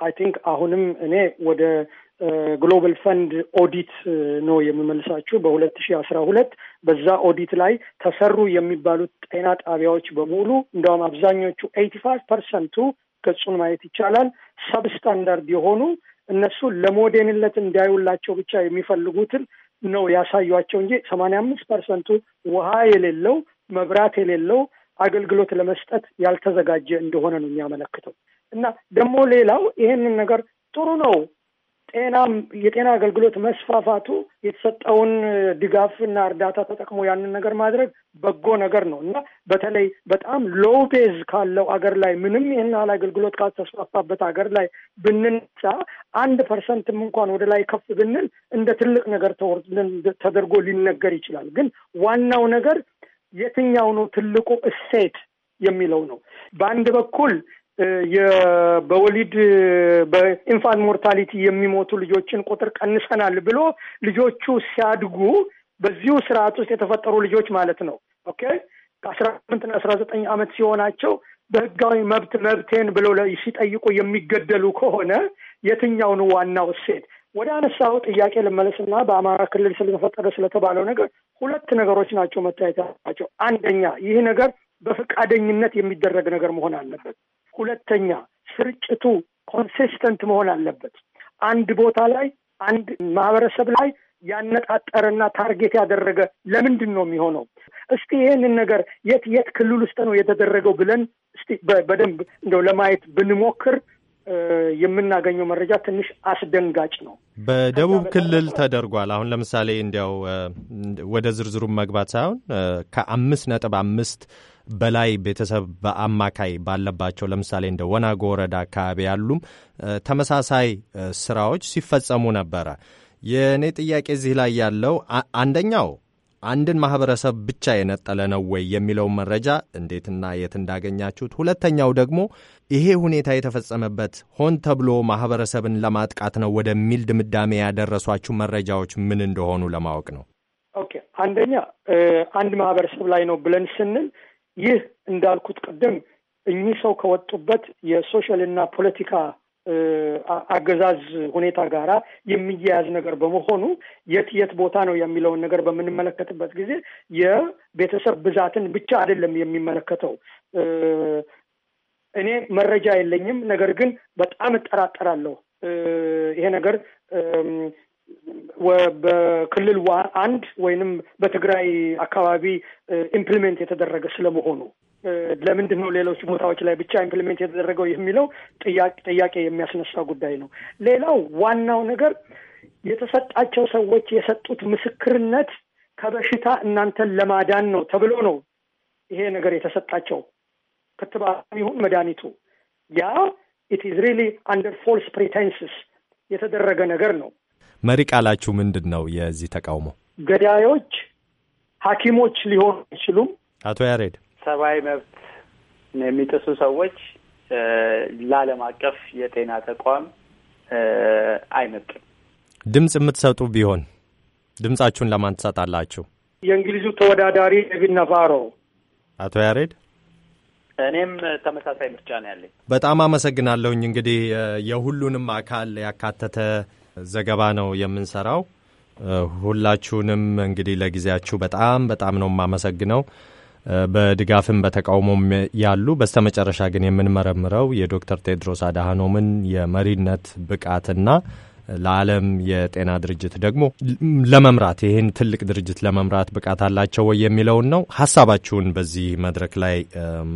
አይ ቲንክ አሁንም እኔ ወደ ግሎባል ፈንድ ኦዲት ነው የምመልሳችሁ። በሁለት ሺ አስራ ሁለት በዛ ኦዲት ላይ ተሰሩ የሚባሉት ጤና ጣቢያዎች በሙሉ እንደውም አብዛኞቹ ኤይቲ ፋይቭ ፐርሰንቱ ገጹን ማየት ይቻላል ሰብስታንዳርድ የሆኑ እነሱ ለሞዴንነት እንዳይውላቸው ብቻ የሚፈልጉትን ነው ያሳዩቸው እንጂ ሰማንያ አምስት ፐርሰንቱ ውሃ የሌለው መብራት የሌለው አገልግሎት ለመስጠት ያልተዘጋጀ እንደሆነ ነው የሚያመለክተው። እና ደግሞ ሌላው ይሄንን ነገር ጥሩ ነው ጤና የጤና አገልግሎት መስፋፋቱ የተሰጠውን ድጋፍ እና እርዳታ ተጠቅሞ ያንን ነገር ማድረግ በጎ ነገር ነው እና በተለይ በጣም ሎው ቤዝ ካለው አገር ላይ ምንም ይህን ያህል አገልግሎት ካልተስፋፋበት አገር ላይ ብንነሳ አንድ ፐርሰንትም እንኳን ወደ ላይ ከፍ ብንል እንደ ትልቅ ነገር ተደርጎ ሊነገር ይችላል። ግን ዋናው ነገር የትኛው ነው ትልቁ እሴት የሚለው ነው። በአንድ በኩል በወሊድ በኢንፋንት ሞርታሊቲ የሚሞቱ ልጆችን ቁጥር ቀንሰናል ብሎ ልጆቹ ሲያድጉ በዚሁ ስርዓት ውስጥ የተፈጠሩ ልጆች ማለት ነው። ኦኬ ከአስራ ስምንትና አስራ ዘጠኝ ዓመት ሲሆናቸው በህጋዊ መብት መብቴን ብለው ሲጠይቁ የሚገደሉ ከሆነ የትኛውን ዋናው እሴት ወደ አነሳው ጥያቄ ልመለስና በአማራ ክልል ስለተፈጠረ ስለተባለው ነገር ሁለት ነገሮች ናቸው መታየት ያለባቸው። አንደኛ ይህ ነገር በፈቃደኝነት የሚደረግ ነገር መሆን አለበት። ሁለተኛ ስርጭቱ ኮንሲስተንት መሆን አለበት። አንድ ቦታ ላይ አንድ ማህበረሰብ ላይ ያነጣጠረና ታርጌት ያደረገ ለምንድን ነው የሚሆነው? እስቲ ይህንን ነገር የት የት ክልል ውስጥ ነው የተደረገው ብለን እስቲ በደንብ እንደው ለማየት ብንሞክር የምናገኘው መረጃ ትንሽ አስደንጋጭ ነው። በደቡብ ክልል ተደርጓል። አሁን ለምሳሌ እንዲያው ወደ ዝርዝሩ መግባት ሳይሆን ከአምስት ነጥብ አምስት በላይ ቤተሰብ በአማካይ ባለባቸው ለምሳሌ እንደ ወናጎ ወረዳ አካባቢ ያሉም ተመሳሳይ ስራዎች ሲፈጸሙ ነበረ። የእኔ ጥያቄ እዚህ ላይ ያለው አንደኛው አንድን ማህበረሰብ ብቻ የነጠለ ነው ወይ የሚለውን መረጃ እንዴትና የት እንዳገኛችሁት፣ ሁለተኛው ደግሞ ይሄ ሁኔታ የተፈጸመበት ሆን ተብሎ ማህበረሰብን ለማጥቃት ነው ወደሚል ድምዳሜ ያደረሷችሁ መረጃዎች ምን እንደሆኑ ለማወቅ ነው። ኦኬ፣ አንደኛ አንድ ማህበረሰብ ላይ ነው ብለን ስንል ይህ እንዳልኩት ቅድም እኚህ ሰው ከወጡበት የሶሻል እና ፖለቲካ አገዛዝ ሁኔታ ጋራ የሚያያዝ ነገር በመሆኑ የት የት ቦታ ነው የሚለውን ነገር በምንመለከትበት ጊዜ የቤተሰብ ብዛትን ብቻ አይደለም የሚመለከተው። እኔ መረጃ የለኝም፣ ነገር ግን በጣም እጠራጠራለሁ ይሄ ነገር በክልል አንድ ወይንም በትግራይ አካባቢ ኢምፕሊመንት የተደረገ ስለመሆኑ ለምንድን ነው ሌሎች ቦታዎች ላይ ብቻ ኢምፕሊሜንት የተደረገው የሚለው ጥያቄ የሚያስነሳ ጉዳይ ነው። ሌላው ዋናው ነገር የተሰጣቸው ሰዎች የሰጡት ምስክርነት ከበሽታ እናንተን ለማዳን ነው ተብሎ ነው ይሄ ነገር የተሰጣቸው ክትባት ይሁን መድኃኒቱ። ያ ኢት ኢዝ ሪሊ አንደር ፎልስ ፕሪቴንስስ የተደረገ ነገር ነው። መሪ ቃላችሁ ምንድን ነው? የዚህ ተቃውሞ ገዳዮች ሐኪሞች ሊሆኑ አይችሉም። አቶ ያሬድ ሰብአዊ መብት የሚጥሱ ሰዎች ለዓለም አቀፍ የጤና ተቋም አይመጡም። ድምፅ የምትሰጡ ቢሆን ድምፃችሁን ለማን ትሰጣላችሁ? የእንግሊዙ ተወዳዳሪ ዴቪድ ነፋሮ። አቶ ያሬድ፣ እኔም ተመሳሳይ ምርጫ ነው ያለኝ። በጣም አመሰግናለሁኝ። እንግዲህ የሁሉንም አካል ያካተተ ዘገባ ነው የምንሰራው። ሁላችሁንም እንግዲህ ለጊዜያችሁ በጣም በጣም ነው የማመሰግነው። በድጋፍም በተቃውሞም ያሉ በስተመጨረሻ ግን የምንመረምረው የዶክተር ቴድሮስ አድሃኖምን የመሪነት ብቃትና ለዓለም የጤና ድርጅት ደግሞ ለመምራት ይህን ትልቅ ድርጅት ለመምራት ብቃት አላቸው ወይ የሚለውን ነው። ሀሳባችሁን በዚህ መድረክ ላይ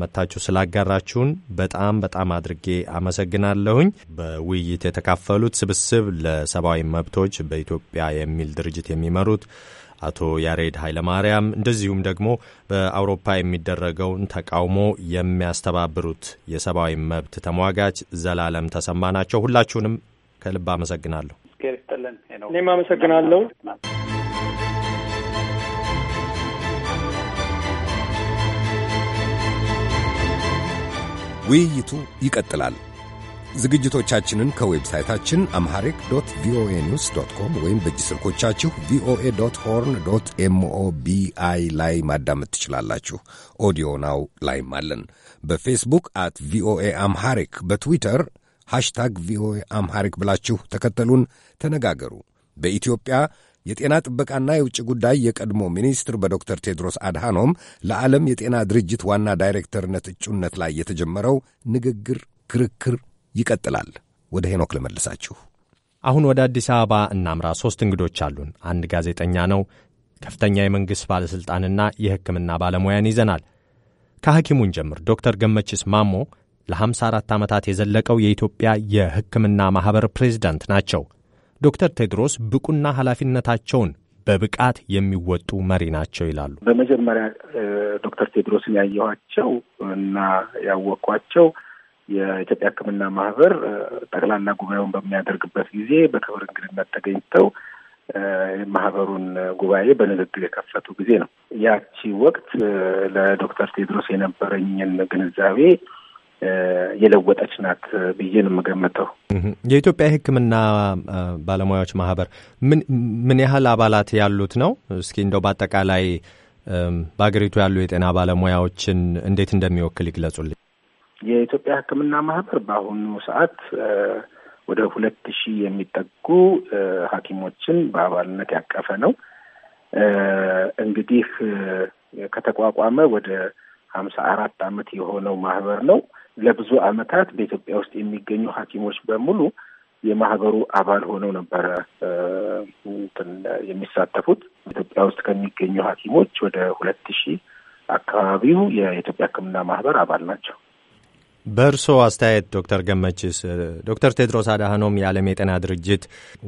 መታችሁ ስላጋራችሁን በጣም በጣም አድርጌ አመሰግናለሁኝ። በውይይት የተካፈሉት ስብስብ ለሰብአዊ መብቶች በኢትዮጵያ የሚል ድርጅት የሚመሩት አቶ ያሬድ ኃይለማርያም እንደዚሁም ደግሞ በአውሮፓ የሚደረገውን ተቃውሞ የሚያስተባብሩት የሰብአዊ መብት ተሟጋች ዘላለም ተሰማ ናቸው። ሁላችሁንም ከልብ አመሰግናለሁ። እኔም አመሰግናለሁ። ውይይቱ ይቀጥላል። ዝግጅቶቻችንን ከዌብሳይታችን አምሐሪክ ዶት ቪኦኤ ኒውስ ዶት ኮም ወይም በእጅ ስልኮቻችሁ ቪኦኤ ዶት ሆርን ዶት ኤምኦቢአይ ላይ ማዳመጥ ትችላላችሁ። ኦዲዮ ናው ላይም አለን። በፌስቡክ አት ቪኦኤ አምሐሪክ፣ በትዊተር ሃሽታግ ቪኦኤ አምሐሪክ ብላችሁ ተከተሉን፣ ተነጋገሩ። በኢትዮጵያ የጤና ጥበቃና የውጭ ጉዳይ የቀድሞ ሚኒስትር በዶክተር ቴድሮስ አድሃኖም ለዓለም የጤና ድርጅት ዋና ዳይሬክተርነት እጩነት ላይ የተጀመረው ንግግር ክርክር ይቀጥላል። ወደ ሄኖክ ልመልሳችሁ። አሁን ወደ አዲስ አበባ እናምራ። ሦስት እንግዶች አሉን። አንድ ጋዜጠኛ ነው። ከፍተኛ የመንግሥት ባለሥልጣንና የሕክምና ባለሙያን ይዘናል። ከሐኪሙን ጀምር። ዶክተር ገመችስ ማሞ ለ54 ዓመታት የዘለቀው የኢትዮጵያ የሕክምና ማኅበር ፕሬዚዳንት ናቸው። ዶክተር ቴድሮስ ብቁና ኃላፊነታቸውን በብቃት የሚወጡ መሪ ናቸው ይላሉ። በመጀመሪያ ዶክተር ቴድሮስን ያየኋቸው እና ያወቅኳቸው የኢትዮጵያ ሕክምና ማህበር ጠቅላላ ጉባኤውን በሚያደርግበት ጊዜ በክብር እንግድነት ተገኝተው ማህበሩን ጉባኤ በንግግር የከፈቱ ጊዜ ነው። ያቺ ወቅት ለዶክተር ቴድሮስ የነበረኝን ግንዛቤ የለወጠች ናት ብዬ ነው የምገምተው። የኢትዮጵያ የህክምና ባለሙያዎች ማህበር ምን ምን ያህል አባላት ያሉት ነው? እስኪ እንደው በአጠቃላይ በሀገሪቱ ያሉ የጤና ባለሙያዎችን እንዴት እንደሚወክል ይግለጹልኝ። የኢትዮጵያ ሕክምና ማህበር በአሁኑ ሰዓት ወደ ሁለት ሺህ የሚጠጉ ሐኪሞችን በአባልነት ያቀፈ ነው። እንግዲህ ከተቋቋመ ወደ ሀምሳ አራት ዓመት የሆነው ማህበር ነው። ለብዙ ዓመታት በኢትዮጵያ ውስጥ የሚገኙ ሐኪሞች በሙሉ የማህበሩ አባል ሆነው ነበረ የሚሳተፉት። ኢትዮጵያ ውስጥ ከሚገኙ ሐኪሞች ወደ ሁለት ሺህ አካባቢው የኢትዮጵያ ሕክምና ማህበር አባል ናቸው። በእርሶ አስተያየት ዶክተር ገመችስ ዶክተር ቴድሮስ አድሃኖም የዓለም የጤና ድርጅት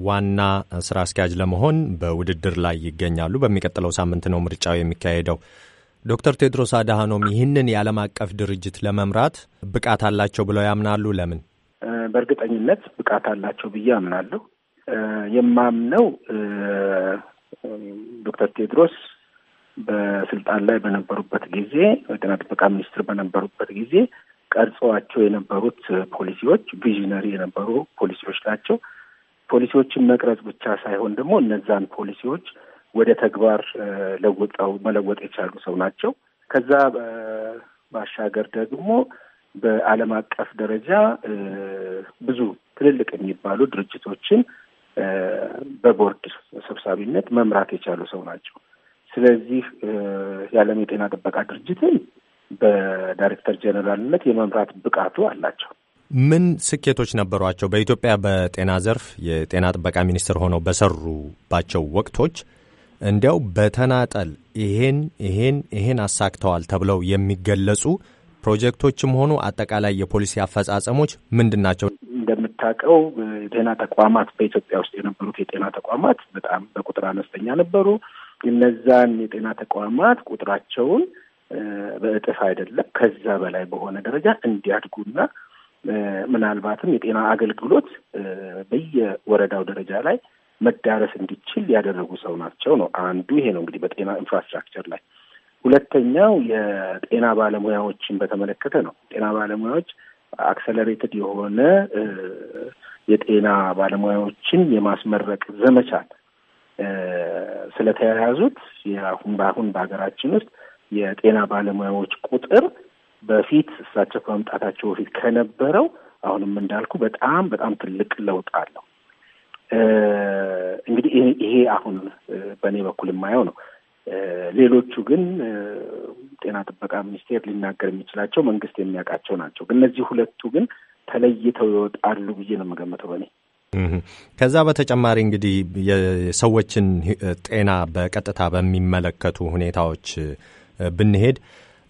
ዋና ስራ አስኪያጅ ለመሆን በውድድር ላይ ይገኛሉ። በሚቀጥለው ሳምንት ነው ምርጫው የሚካሄደው። ዶክተር ቴድሮስ አድሃኖም ይህንን የዓለም አቀፍ ድርጅት ለመምራት ብቃት አላቸው ብለው ያምናሉ? ለምን? በእርግጠኝነት ብቃት አላቸው ብዬ አምናለሁ። የማምነው ዶክተር ቴድሮስ በስልጣን ላይ በነበሩበት ጊዜ፣ በጤና ጥበቃ ሚኒስትር በነበሩበት ጊዜ ቀርጸዋቸው የነበሩት ፖሊሲዎች ቪዥነሪ የነበሩ ፖሊሲዎች ናቸው። ፖሊሲዎችን መቅረጽ ብቻ ሳይሆን ደግሞ እነዛን ፖሊሲዎች ወደ ተግባር ለውጠው መለወጥ የቻሉ ሰው ናቸው። ከዛ ባሻገር ደግሞ በዓለም አቀፍ ደረጃ ብዙ ትልልቅ የሚባሉ ድርጅቶችን በቦርድ ሰብሳቢነት መምራት የቻሉ ሰው ናቸው። ስለዚህ የዓለም የጤና ጥበቃ ድርጅትን በዳይሬክተር ጀኔራልነት የመምራት ብቃቱ አላቸው። ምን ስኬቶች ነበሯቸው? በኢትዮጵያ በጤና ዘርፍ የጤና ጥበቃ ሚኒስትር ሆነው በሰሩባቸው ወቅቶች እንዲያው በተናጠል ይሄን ይሄን ይሄን አሳክተዋል ተብለው የሚገለጹ ፕሮጀክቶችም ሆኑ አጠቃላይ የፖሊሲ አፈጻጸሞች ምንድን ናቸው? እንደምታውቀው የጤና ተቋማት በኢትዮጵያ ውስጥ የነበሩት የጤና ተቋማት በጣም በቁጥር አነስተኛ ነበሩ። እነዛን የጤና ተቋማት ቁጥራቸውን በእጥፍ አይደለም ከዛ በላይ በሆነ ደረጃ እንዲያድጉና ምናልባትም የጤና አገልግሎት በየወረዳው ደረጃ ላይ መዳረስ እንዲችል ያደረጉ ሰው ናቸው ነው አንዱ ይሄ ነው እንግዲህ በጤና ኢንፍራስትራክቸር ላይ ሁለተኛው የጤና ባለሙያዎችን በተመለከተ ነው ጤና ባለሙያዎች አክሰለሬትድ የሆነ የጤና ባለሙያዎችን የማስመረቅ ዘመቻ ስለተያያዙት አሁን በአሁን በሀገራችን ውስጥ የጤና ባለሙያዎች ቁጥር በፊት እሳቸው ከመምጣታቸው በፊት ከነበረው አሁንም እንዳልኩ በጣም በጣም ትልቅ ለውጥ አለው። እንግዲህ ይሄ አሁን በእኔ በኩል የማየው ነው። ሌሎቹ ግን ጤና ጥበቃ ሚኒስቴር ሊናገር የሚችላቸው መንግስት የሚያውቃቸው ናቸው። ግን እነዚህ ሁለቱ ግን ተለይተው ይወጣሉ ብዬ ነው የምገምተው በእኔ። ከዛ በተጨማሪ እንግዲህ የሰዎችን ጤና በቀጥታ በሚመለከቱ ሁኔታዎች ብንሄድ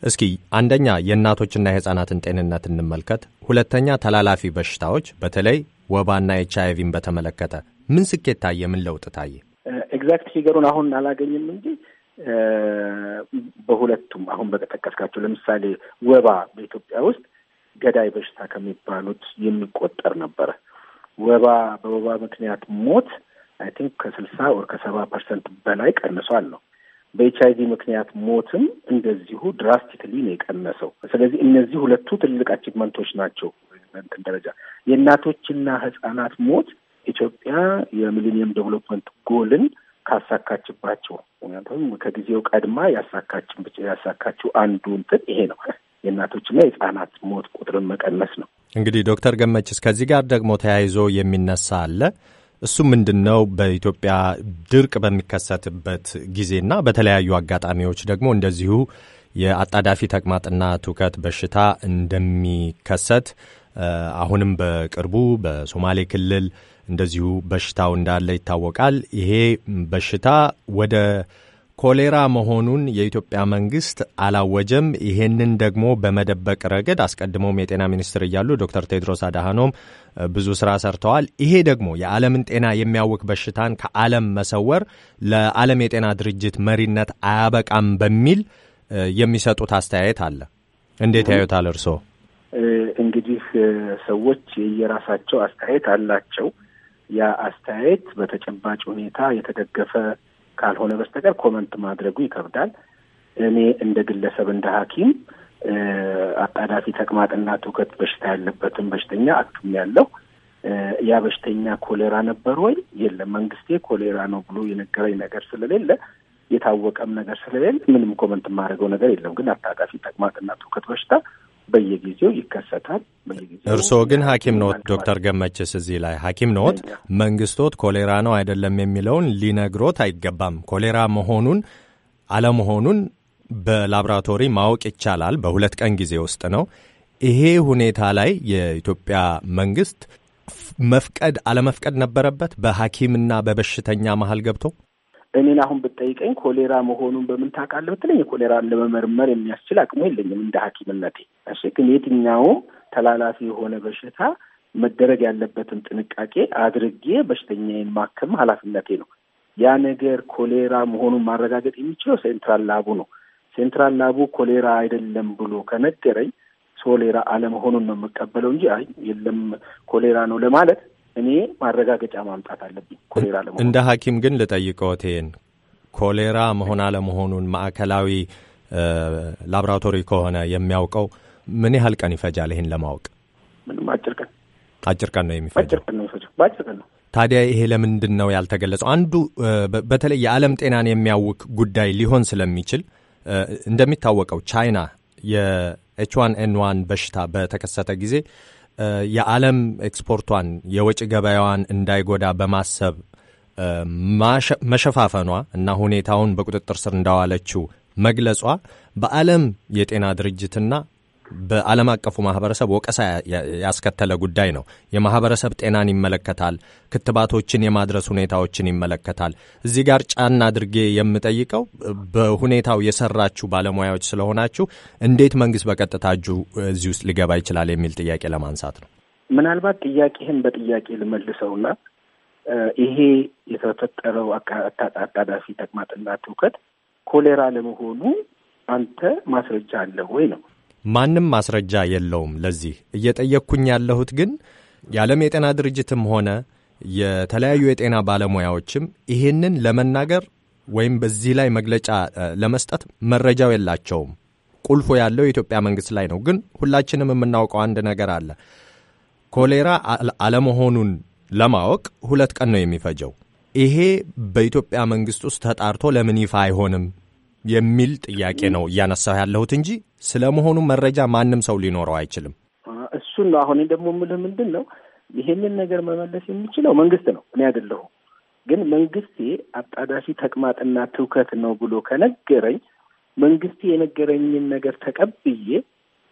እስኪ አንደኛ የእናቶችና የህፃናትን ጤንነት እንመልከት። ሁለተኛ ተላላፊ በሽታዎች በተለይ ወባና ኤች አይ ቪን በተመለከተ ምን ስኬት ታየ? ምን ለውጥ ታየ? ኤግዛክት ፊገሩን አሁን አላገኝም እንጂ በሁለቱም አሁን በጠቀስካቸው ለምሳሌ ወባ በኢትዮጵያ ውስጥ ገዳይ በሽታ ከሚባሉት የሚቆጠር ነበረ። ወባ በወባ ምክንያት ሞት አይ ቲንክ ከስልሳ ወር ከሰባ ፐርሰንት በላይ ቀንሷል ነው በኤች አይቪ ምክንያት ሞትም እንደዚሁ ድራስቲክሊ ነው የቀነሰው። ስለዚህ እነዚህ ሁለቱ ትልልቅ አቺቭመንቶች ናቸው። በእንትን ደረጃ የእናቶችና ህጻናት ሞት ኢትዮጵያ የሚሊኒየም ዴቨሎፕመንት ጎልን ካሳካችባቸው ምክንያቱም ከጊዜው ቀድማ ያሳካችን ብቻ ያሳካችው አንዱ እንትን ይሄ ነው የእናቶችና የህጻናት ሞት ቁጥርን መቀነስ ነው። እንግዲህ ዶክተር ገመችስ ከዚህ ጋር ደግሞ ተያይዞ የሚነሳ አለ እሱ ምንድን ነው? በኢትዮጵያ ድርቅ በሚከሰትበት ጊዜና በተለያዩ አጋጣሚዎች ደግሞ እንደዚሁ የአጣዳፊ ተቅማጥና ትውከት በሽታ እንደሚከሰት አሁንም በቅርቡ በሶማሌ ክልል እንደዚሁ በሽታው እንዳለ ይታወቃል። ይሄ በሽታ ወደ ኮሌራ መሆኑን የኢትዮጵያ መንግስት አላወጀም። ይሄንን ደግሞ በመደበቅ ረገድ አስቀድሞም የጤና ሚኒስትር እያሉ ዶክተር ቴድሮስ አድሃኖም ብዙ ስራ ሰርተዋል። ይሄ ደግሞ የዓለምን ጤና የሚያውክ በሽታን ከዓለም መሰወር ለዓለም የጤና ድርጅት መሪነት አያበቃም በሚል የሚሰጡት አስተያየት አለ። እንዴት ያዩታል እርስዎ? እንግዲህ ሰዎች የየራሳቸው አስተያየት አላቸው። ያ አስተያየት በተጨባጭ ሁኔታ የተደገፈ ካልሆነ በስተቀር ኮመንት ማድረጉ ይከብዳል። እኔ እንደ ግለሰብ እንደ ሐኪም አጣዳፊ ተቅማጥና ትውከት በሽታ ያለበትን በሽተኛ አክቱም ያለው ያ በሽተኛ ኮሌራ ነበር ወይ የለም፣ መንግስቴ ኮሌራ ነው ብሎ የነገረኝ ነገር ስለሌለ የታወቀም ነገር ስለሌለ ምንም ኮመንት የማደርገው ነገር የለም። ግን አጣዳፊ ተቅማጥና ትውከት በሽታ በየጊዜው ይከሰታል። እርስዎ ግን ሐኪም ነዎት ዶክተር ገመችስ እዚህ ላይ ሐኪም ነዎት። መንግስቶት ኮሌራ ነው አይደለም የሚለውን ሊነግሮት አይገባም። ኮሌራ መሆኑን አለመሆኑን በላብራቶሪ ማወቅ ይቻላል። በሁለት ቀን ጊዜ ውስጥ ነው። ይሄ ሁኔታ ላይ የኢትዮጵያ መንግስት መፍቀድ አለመፍቀድ ነበረበት በሐኪምና በበሽተኛ መሀል ገብቶ እኔን አሁን ብጠይቀኝ ኮሌራ መሆኑን በምን ታውቃለህ ብትለኝ ኮሌራን ለመመርመር የሚያስችል አቅሙ የለኝም እንደ ሐኪምነቴ። እሺ፣ ግን የትኛውም ተላላፊ የሆነ በሽታ መደረግ ያለበትን ጥንቃቄ አድርጌ በሽተኛዬን ማከም ኃላፊነቴ ነው። ያ ነገር ኮሌራ መሆኑን ማረጋገጥ የሚችለው ሴንትራል ላቡ ነው። ሴንትራል ላቡ ኮሌራ አይደለም ብሎ ከነገረኝ ሶሌራ አለመሆኑን ነው የምቀበለው እንጂ አይ የለም ኮሌራ ነው ለማለት እኔ ማረጋገጫ ማምጣት አለብኝ ኮሌራ ለመሆኑ። እንደ ሐኪም ግን ልጠይቅዎት ኮሌራ መሆን አለመሆኑን ማዕከላዊ ላብራቶሪ ከሆነ የሚያውቀው ምን ያህል ቀን ይፈጃል ይህን ለማወቅ? ምንም አጭር ቀን አጭር ቀን ነው የሚፈጀው። በአጭር ቀን ነው። ታዲያ ይሄ ለምንድን ነው ያልተገለጸው? አንዱ በተለይ የዓለም ጤናን የሚያውክ ጉዳይ ሊሆን ስለሚችል እንደሚታወቀው ቻይና የኤችዋን ኤንዋን ኤን ዋን በሽታ በተከሰተ ጊዜ የዓለም ኤክስፖርቷን የወጪ ገበያዋን እንዳይጎዳ በማሰብ መሸፋፈኗ እና ሁኔታውን በቁጥጥር ስር እንዳዋለችው መግለጿ በዓለም የጤና ድርጅትና በዓለም አቀፉ ማህበረሰብ ወቀሳ ያስከተለ ጉዳይ ነው። የማህበረሰብ ጤናን ይመለከታል። ክትባቶችን የማድረስ ሁኔታዎችን ይመለከታል። እዚህ ጋር ጫና አድርጌ የምጠይቀው በሁኔታው የሰራችሁ ባለሙያዎች ስለሆናችሁ እንዴት መንግስት በቀጥታ እጁ እዚህ ውስጥ ሊገባ ይችላል የሚል ጥያቄ ለማንሳት ነው። ምናልባት ጥያቄህን በጥያቄ ልመልሰውና ይሄ የተፈጠረው አጣዳፊ ተቅማጥና ትውከት ኮሌራ ለመሆኑ አንተ ማስረጃ አለ ወይ ነው ማንም ማስረጃ የለውም ለዚህ። እየጠየቅኩኝ ያለሁት ግን የዓለም የጤና ድርጅትም ሆነ የተለያዩ የጤና ባለሙያዎችም ይሄንን ለመናገር ወይም በዚህ ላይ መግለጫ ለመስጠት መረጃው የላቸውም። ቁልፎ ያለው የኢትዮጵያ መንግስት ላይ ነው። ግን ሁላችንም የምናውቀው አንድ ነገር አለ። ኮሌራ አለመሆኑን ለማወቅ ሁለት ቀን ነው የሚፈጀው። ይሄ በኢትዮጵያ መንግስት ውስጥ ተጣርቶ ለምን ይፋ አይሆንም የሚል ጥያቄ ነው እያነሳሁ ያለሁት እንጂ ስለመሆኑ መረጃ ማንም ሰው ሊኖረው አይችልም። እሱን ነው አሁን ደግሞ የምልህ ምንድን ነው ይሄንን ነገር መመለስ የሚችለው መንግስት ነው፣ እኔ አይደለሁም። ግን መንግስቴ አጣዳፊ ተቅማጥና ትውከት ነው ብሎ ከነገረኝ መንግስቴ የነገረኝን ነገር ተቀብዬ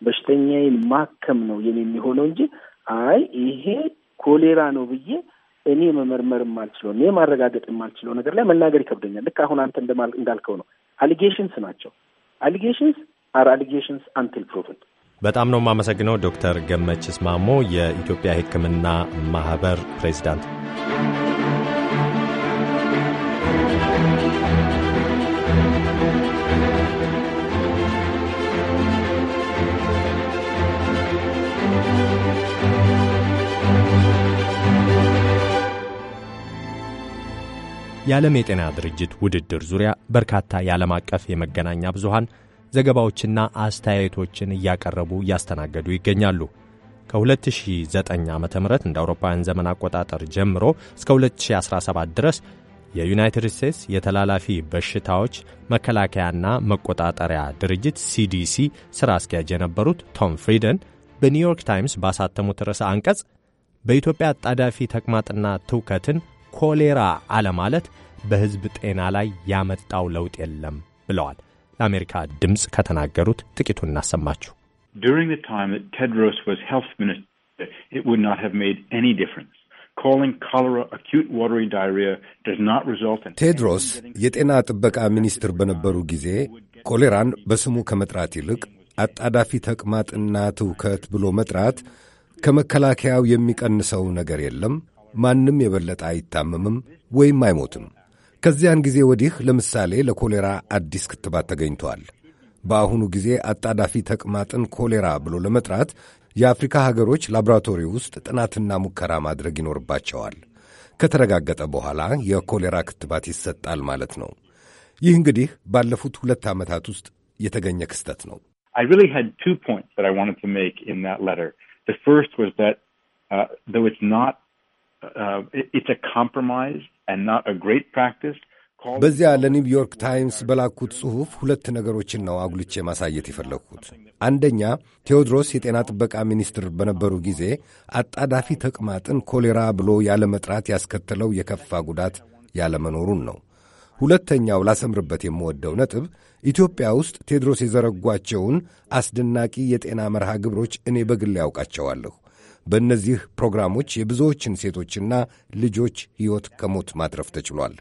በሽተኛዬን ማከም ነው የኔ የሚሆነው እንጂ አይ ይሄ ኮሌራ ነው ብዬ እኔ መመርመር የማልችለው እኔ ማረጋገጥ የማልችለው ነገር ላይ መናገር ይከብደኛል። ልክ አሁን አንተ እንዳልከው ነው። አሊጌሽንስ ናቸው። አሊጌሽንስ አር አሊጌሽንስ አንትል ፕሮቨን። በጣም ነው የማመሰግነው ዶክተር ገመችስ ማሞ የኢትዮጵያ ሕክምና ማህበር ፕሬዚዳንት የዓለም የጤና ድርጅት ውድድር ዙሪያ በርካታ የዓለም አቀፍ የመገናኛ ብዙሃን ዘገባዎችና አስተያየቶችን እያቀረቡ እያስተናገዱ ይገኛሉ። ከ2009 ዓ ም እንደ አውሮፓውያን ዘመን አቆጣጠር ጀምሮ እስከ 2017 ድረስ የዩናይትድ ስቴትስ የተላላፊ በሽታዎች መከላከያና መቆጣጠሪያ ድርጅት ሲዲሲ ሥራ አስኪያጅ የነበሩት ቶም ፍሪደን በኒውዮርክ ታይምስ ባሳተሙት ርዕሰ አንቀጽ በኢትዮጵያ አጣዳፊ ተቅማጥና ትውከትን ኮሌራ አለማለት በሕዝብ ጤና ላይ ያመጣው ለውጥ የለም ብለዋል። ለአሜሪካ ድምፅ ከተናገሩት ጥቂቱን እናሰማችሁ። ቴድሮስ የጤና ጥበቃ ሚኒስትር በነበሩ ጊዜ ኮሌራን በስሙ ከመጥራት ይልቅ አጣዳፊ ተቅማጥና ትውከት ብሎ መጥራት ከመከላከያው የሚቀንሰው ነገር የለም፣ ማንም የበለጠ አይታመምም ወይም አይሞትም። ከዚያን ጊዜ ወዲህ ለምሳሌ ለኮሌራ አዲስ ክትባት ተገኝቷል። በአሁኑ ጊዜ አጣዳፊ ተቅማጥን ኮሌራ ብሎ ለመጥራት የአፍሪካ ሀገሮች ላቦራቶሪ ውስጥ ጥናትና ሙከራ ማድረግ ይኖርባቸዋል። ከተረጋገጠ በኋላ የኮሌራ ክትባት ይሰጣል ማለት ነው። ይህ እንግዲህ ባለፉት ሁለት ዓመታት ውስጥ የተገኘ ክስተት ነው። uh, it's a compromise and not a great practice. በዚያ ለኒውዮርክ ታይምስ በላኩት ጽሑፍ ሁለት ነገሮችን ነው አጉልቼ ማሳየት የፈለግኩት። አንደኛ ቴዎድሮስ የጤና ጥበቃ ሚኒስትር በነበሩ ጊዜ አጣዳፊ ተቅማጥን ኮሌራ ብሎ ያለመጥራት ያስከተለው የከፋ ጉዳት ያለመኖሩን ነው። ሁለተኛው ላሰምርበት የምወደው ነጥብ ኢትዮጵያ ውስጥ ቴዎድሮስ የዘረጓቸውን አስደናቂ የጤና መርሃ ግብሮች እኔ በግል ያውቃቸዋለሁ። በእነዚህ ፕሮግራሞች የብዙዎችን ሴቶችና ልጆች ሕይወት ከሞት ማትረፍ ተችሏል።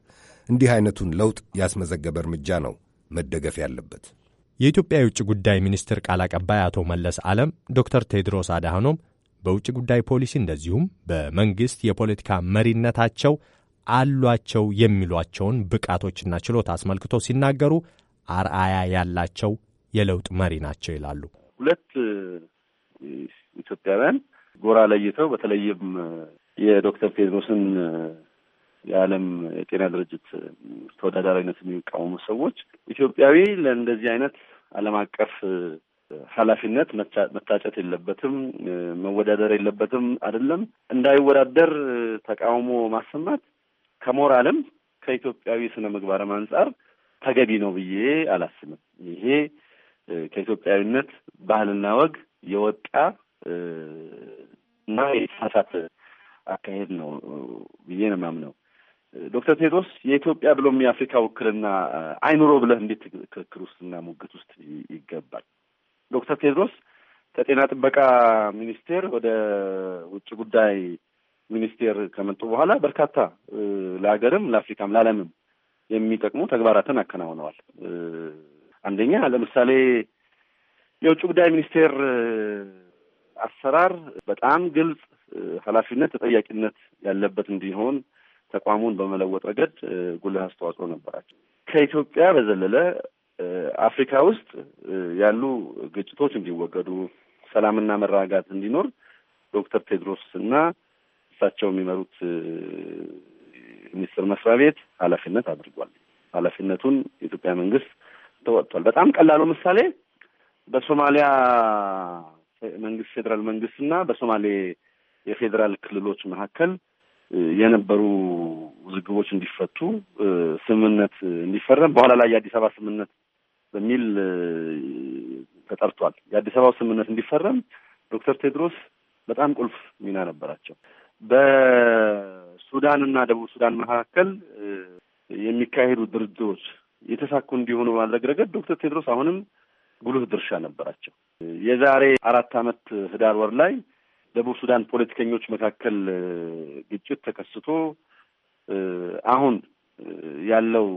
እንዲህ አይነቱን ለውጥ ያስመዘገበ እርምጃ ነው መደገፍ ያለበት። የኢትዮጵያ የውጭ ጉዳይ ሚኒስትር ቃል አቀባይ አቶ መለስ ዓለም ዶክተር ቴድሮስ አድሃኖም በውጭ ጉዳይ ፖሊሲ እንደዚሁም በመንግሥት የፖለቲካ መሪነታቸው አሏቸው የሚሏቸውን ብቃቶችና ችሎታ አስመልክቶ ሲናገሩ አርአያ ያላቸው የለውጥ መሪ ናቸው ይላሉ። ሁለት ኢትዮጵያውያን ጎራ ለይተው በተለይም የዶክተር ቴድሮስን የዓለም የጤና ድርጅት ተወዳዳሪነት የሚቃወሙ ሰዎች ኢትዮጵያዊ ለእንደዚህ አይነት ዓለም አቀፍ ኃላፊነት መታጨት የለበትም፣ መወዳደር የለበትም አይደለም እንዳይወዳደር ተቃውሞ ማሰማት ከሞራልም ከኢትዮጵያዊ ስነ ምግባርም አንጻር ተገቢ ነው ብዬ አላስብም። ይሄ ከኢትዮጵያዊነት ባህልና ወግ የወጣ እና የተሳሳተ አካሄድ ነው ብዬ ነው የማምነው። ዶክተር ቴድሮስ የኢትዮጵያ ብሎም የአፍሪካ ውክልና አይኑሮ ብለህ እንዴት ክርክር ውስጥና ሙግት ውስጥ ይገባል? ዶክተር ቴድሮስ ከጤና ጥበቃ ሚኒስቴር ወደ ውጭ ጉዳይ ሚኒስቴር ከመጡ በኋላ በርካታ ለሀገርም ለአፍሪካም ለዓለምም የሚጠቅሙ ተግባራትን አከናውነዋል። አንደኛ ለምሳሌ የውጭ ጉዳይ ሚኒስቴር አሰራር በጣም ግልጽ፣ ኃላፊነት ተጠያቂነት ያለበት እንዲሆን ተቋሙን በመለወጥ ረገድ ጉልህ አስተዋጽኦ ነበራቸው። ከኢትዮጵያ በዘለለ አፍሪካ ውስጥ ያሉ ግጭቶች እንዲወገዱ፣ ሰላምና መረጋጋት እንዲኖር ዶክተር ቴድሮስ እና እሳቸው የሚመሩት ሚኒስቴር መስሪያ ቤት ኃላፊነት አድርጓል። ኃላፊነቱን የኢትዮጵያ መንግስት ተወጥቷል። በጣም ቀላሉ ምሳሌ በሶማሊያ መንግስት ፌዴራል መንግስት እና በሶማሌ የፌዴራል ክልሎች መካከል የነበሩ ውዝግቦች እንዲፈቱ ስምምነት እንዲፈረም በኋላ ላይ የአዲስ አበባ ስምምነት በሚል ተጠርቷል። የአዲስ አበባው ስምምነት እንዲፈረም ዶክተር ቴድሮስ በጣም ቁልፍ ሚና ነበራቸው። በሱዳን እና ደቡብ ሱዳን መካከል የሚካሄዱ ድርድሮች የተሳኩ እንዲሆኑ ማድረግ ረገድ ዶክተር ቴድሮስ አሁንም ጉልህ ድርሻ ነበራቸው። የዛሬ አራት ዓመት ህዳር ወር ላይ ደቡብ ሱዳን ፖለቲከኞች መካከል ግጭት ተከስቶ አሁን ያለው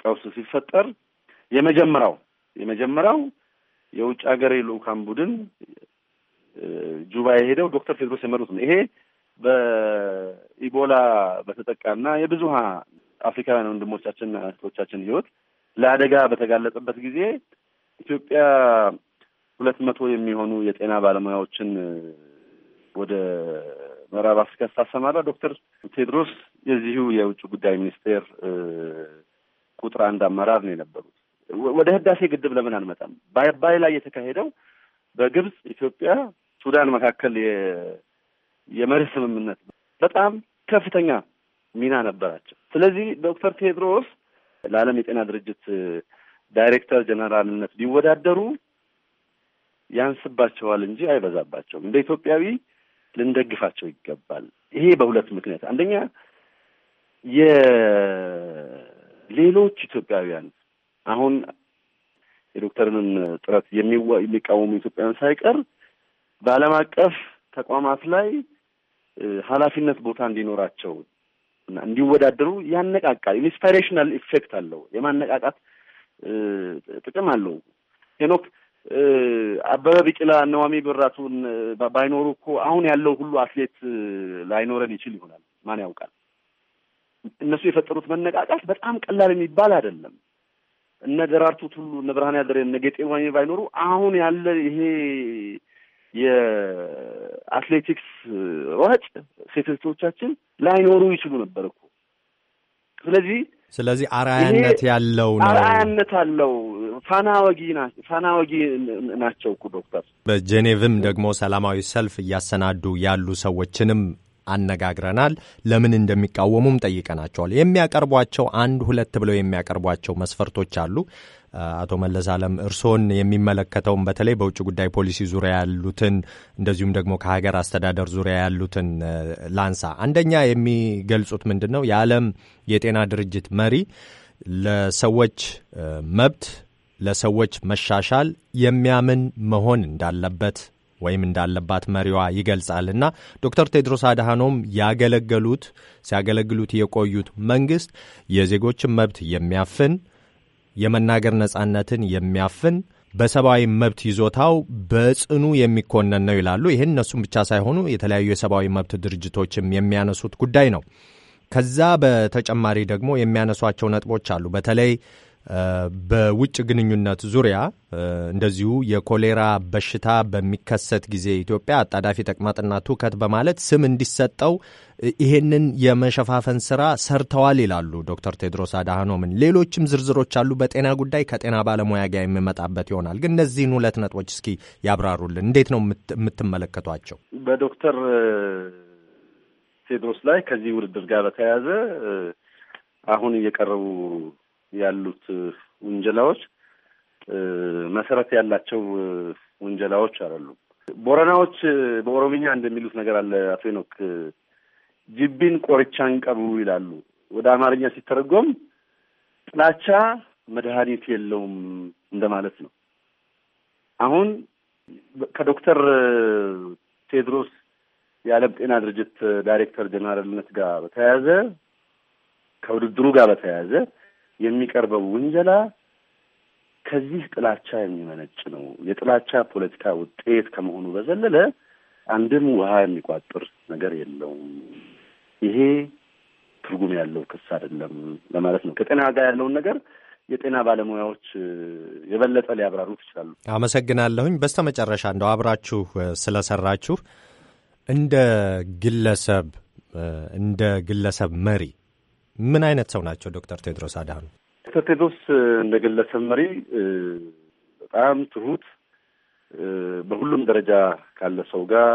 ቀውስ ሲፈጠር የመጀመሪያው የመጀመሪያው የውጭ ሀገር የልኡካን ቡድን ጁባ የሄደው ዶክተር ቴድሮስ የመሩት ነው። ይሄ በኢቦላ በተጠቃና የብዙሃ አፍሪካውያን ወንድሞቻችንና እህቶቻችን ህይወት ለአደጋ በተጋለጠበት ጊዜ ኢትዮጵያ ሁለት መቶ የሚሆኑ የጤና ባለሙያዎችን ወደ ምዕራብ አፍሪካ ስታሰማራ ዶክተር ቴድሮስ የዚሁ የውጭ ጉዳይ ሚኒስቴር ቁጥር አንድ አመራር ነው የነበሩት። ወደ ህዳሴ ግድብ ለምን አንመጣም? በአባይ ላይ የተካሄደው በግብጽ ኢትዮጵያ፣ ሱዳን መካከል የመርህ ስምምነት በጣም ከፍተኛ ሚና ነበራቸው። ስለዚህ ዶክተር ቴድሮስ ለዓለም የጤና ድርጅት ዳይሬክተር ጀነራልነት ቢወዳደሩ ያንስባቸዋል እንጂ አይበዛባቸውም። እንደ ኢትዮጵያዊ ልንደግፋቸው ይገባል። ይሄ በሁለት ምክንያት፣ አንደኛ የሌሎች ኢትዮጵያውያን አሁን የዶክተርንን ጥረት የሚቃወሙ ኢትዮጵያውያን ሳይቀር በዓለም አቀፍ ተቋማት ላይ ኃላፊነት ቦታ እንዲኖራቸው እና እንዲወዳደሩ ያነቃቃል። ኢንስፓይሬሽናል ኢፌክት አለው የማነቃቃት ጥቅም አለው። ሄኖክ አበበ ቢቂላ ነዋሚ ብራቱን ባይኖሩ እኮ አሁን ያለው ሁሉ አትሌት ላይኖረን ይችል ይሆናል። ማን ያውቃል? እነሱ የፈጠሩት መነቃቃት በጣም ቀላል የሚባል አይደለም። እነ ደራርቱ ቱሉ፣ እነ ብርሃን ያደረ፣ እነ ጌጤ ዋሚ ባይኖሩ አሁን ያለ ይሄ የአትሌቲክስ ሯጭ ሴቶቻችን ላይኖሩ ይችሉ ነበር እኮ። ስለዚህ ስለዚህ አርአያነት ያለው ነው። አርአያነት አለው። ፋና ወጊ ናቸው እኮ ዶክተር። በጄኔቭም ደግሞ ሰላማዊ ሰልፍ እያሰናዱ ያሉ ሰዎችንም አነጋግረናል። ለምን እንደሚቃወሙም ጠይቀናቸዋል። የሚያቀርቧቸው አንድ ሁለት ብለው የሚያቀርቧቸው መስፈርቶች አሉ። አቶ መለስ አለም እርስዎን የሚመለከተውን በተለይ በውጭ ጉዳይ ፖሊሲ ዙሪያ ያሉትን እንደዚሁም ደግሞ ከሀገር አስተዳደር ዙሪያ ያሉትን ላንሳ። አንደኛ የሚገልጹት ምንድን ነው? የዓለም የጤና ድርጅት መሪ ለሰዎች መብት ለሰዎች መሻሻል የሚያምን መሆን እንዳለበት ወይም እንዳለባት መሪዋ ይገልጻል እና ዶክተር ቴድሮስ አድሃኖም ያገለገሉት ሲያገለግሉት የቆዩት መንግስት የዜጎችን መብት የሚያፍን የመናገር ነጻነትን የሚያፍን በሰብአዊ መብት ይዞታው በጽኑ የሚኮነን ነው ይላሉ። ይህን እነሱም ብቻ ሳይሆኑ የተለያዩ የሰብአዊ መብት ድርጅቶችም የሚያነሱት ጉዳይ ነው። ከዛ በተጨማሪ ደግሞ የሚያነሷቸው ነጥቦች አሉ። በተለይ በውጭ ግንኙነት ዙሪያ እንደዚሁ የኮሌራ በሽታ በሚከሰት ጊዜ ኢትዮጵያ አጣዳፊ ተቅማጥና ትውከት በማለት ስም እንዲሰጠው ይሄንን የመሸፋፈን ስራ ሰርተዋል ይላሉ ዶክተር ቴድሮስ አድሃኖምን። ሌሎችም ዝርዝሮች አሉ በጤና ጉዳይ ከጤና ባለሙያ ጋር የሚመጣበት ይሆናል። ግን እነዚህን ሁለት ነጥቦች እስኪ ያብራሩልን። እንዴት ነው የምትመለከቷቸው? በዶክተር ቴድሮስ ላይ ከዚህ ውድድር ጋር በተያያዘ አሁን እየቀረቡ ያሉት ውንጀላዎች መሰረት ያላቸው ውንጀላዎች አይደሉም። ቦረናዎች በኦሮምኛ እንደሚሉት ነገር አለ። አቶ ኖክ ጅቢን ቆርቻን ቀቡ ይላሉ። ወደ አማርኛ ሲተረጎም ጥላቻ መድኃኒት የለውም እንደማለት ነው። አሁን ከዶክተር ቴድሮስ የዓለም ጤና ድርጅት ዳይሬክተር ጀነራልነት ጋር በተያያዘ ከውድድሩ ጋር በተያያዘ የሚቀርበው ውንጀላ ከዚህ ጥላቻ የሚመነጭ ነው። የጥላቻ ፖለቲካ ውጤት ከመሆኑ በዘለለ አንድም ውሃ የሚቋጥር ነገር የለውም። ይሄ ትርጉም ያለው ክስ አይደለም ለማለት ነው። ከጤና ጋር ያለውን ነገር የጤና ባለሙያዎች የበለጠ ሊያብራሩት ይችላሉ። አመሰግናለሁኝ። በስተ መጨረሻ እንደው አብራችሁ ስለሰራችሁ እንደ ግለሰብ እንደ ግለሰብ መሪ ምን አይነት ሰው ናቸው ዶክተር ቴድሮስ አድሃኖም? ዶክተር ቴድሮስ እንደ ግለሰብ መሪ በጣም ትሁት፣ በሁሉም ደረጃ ካለ ሰው ጋር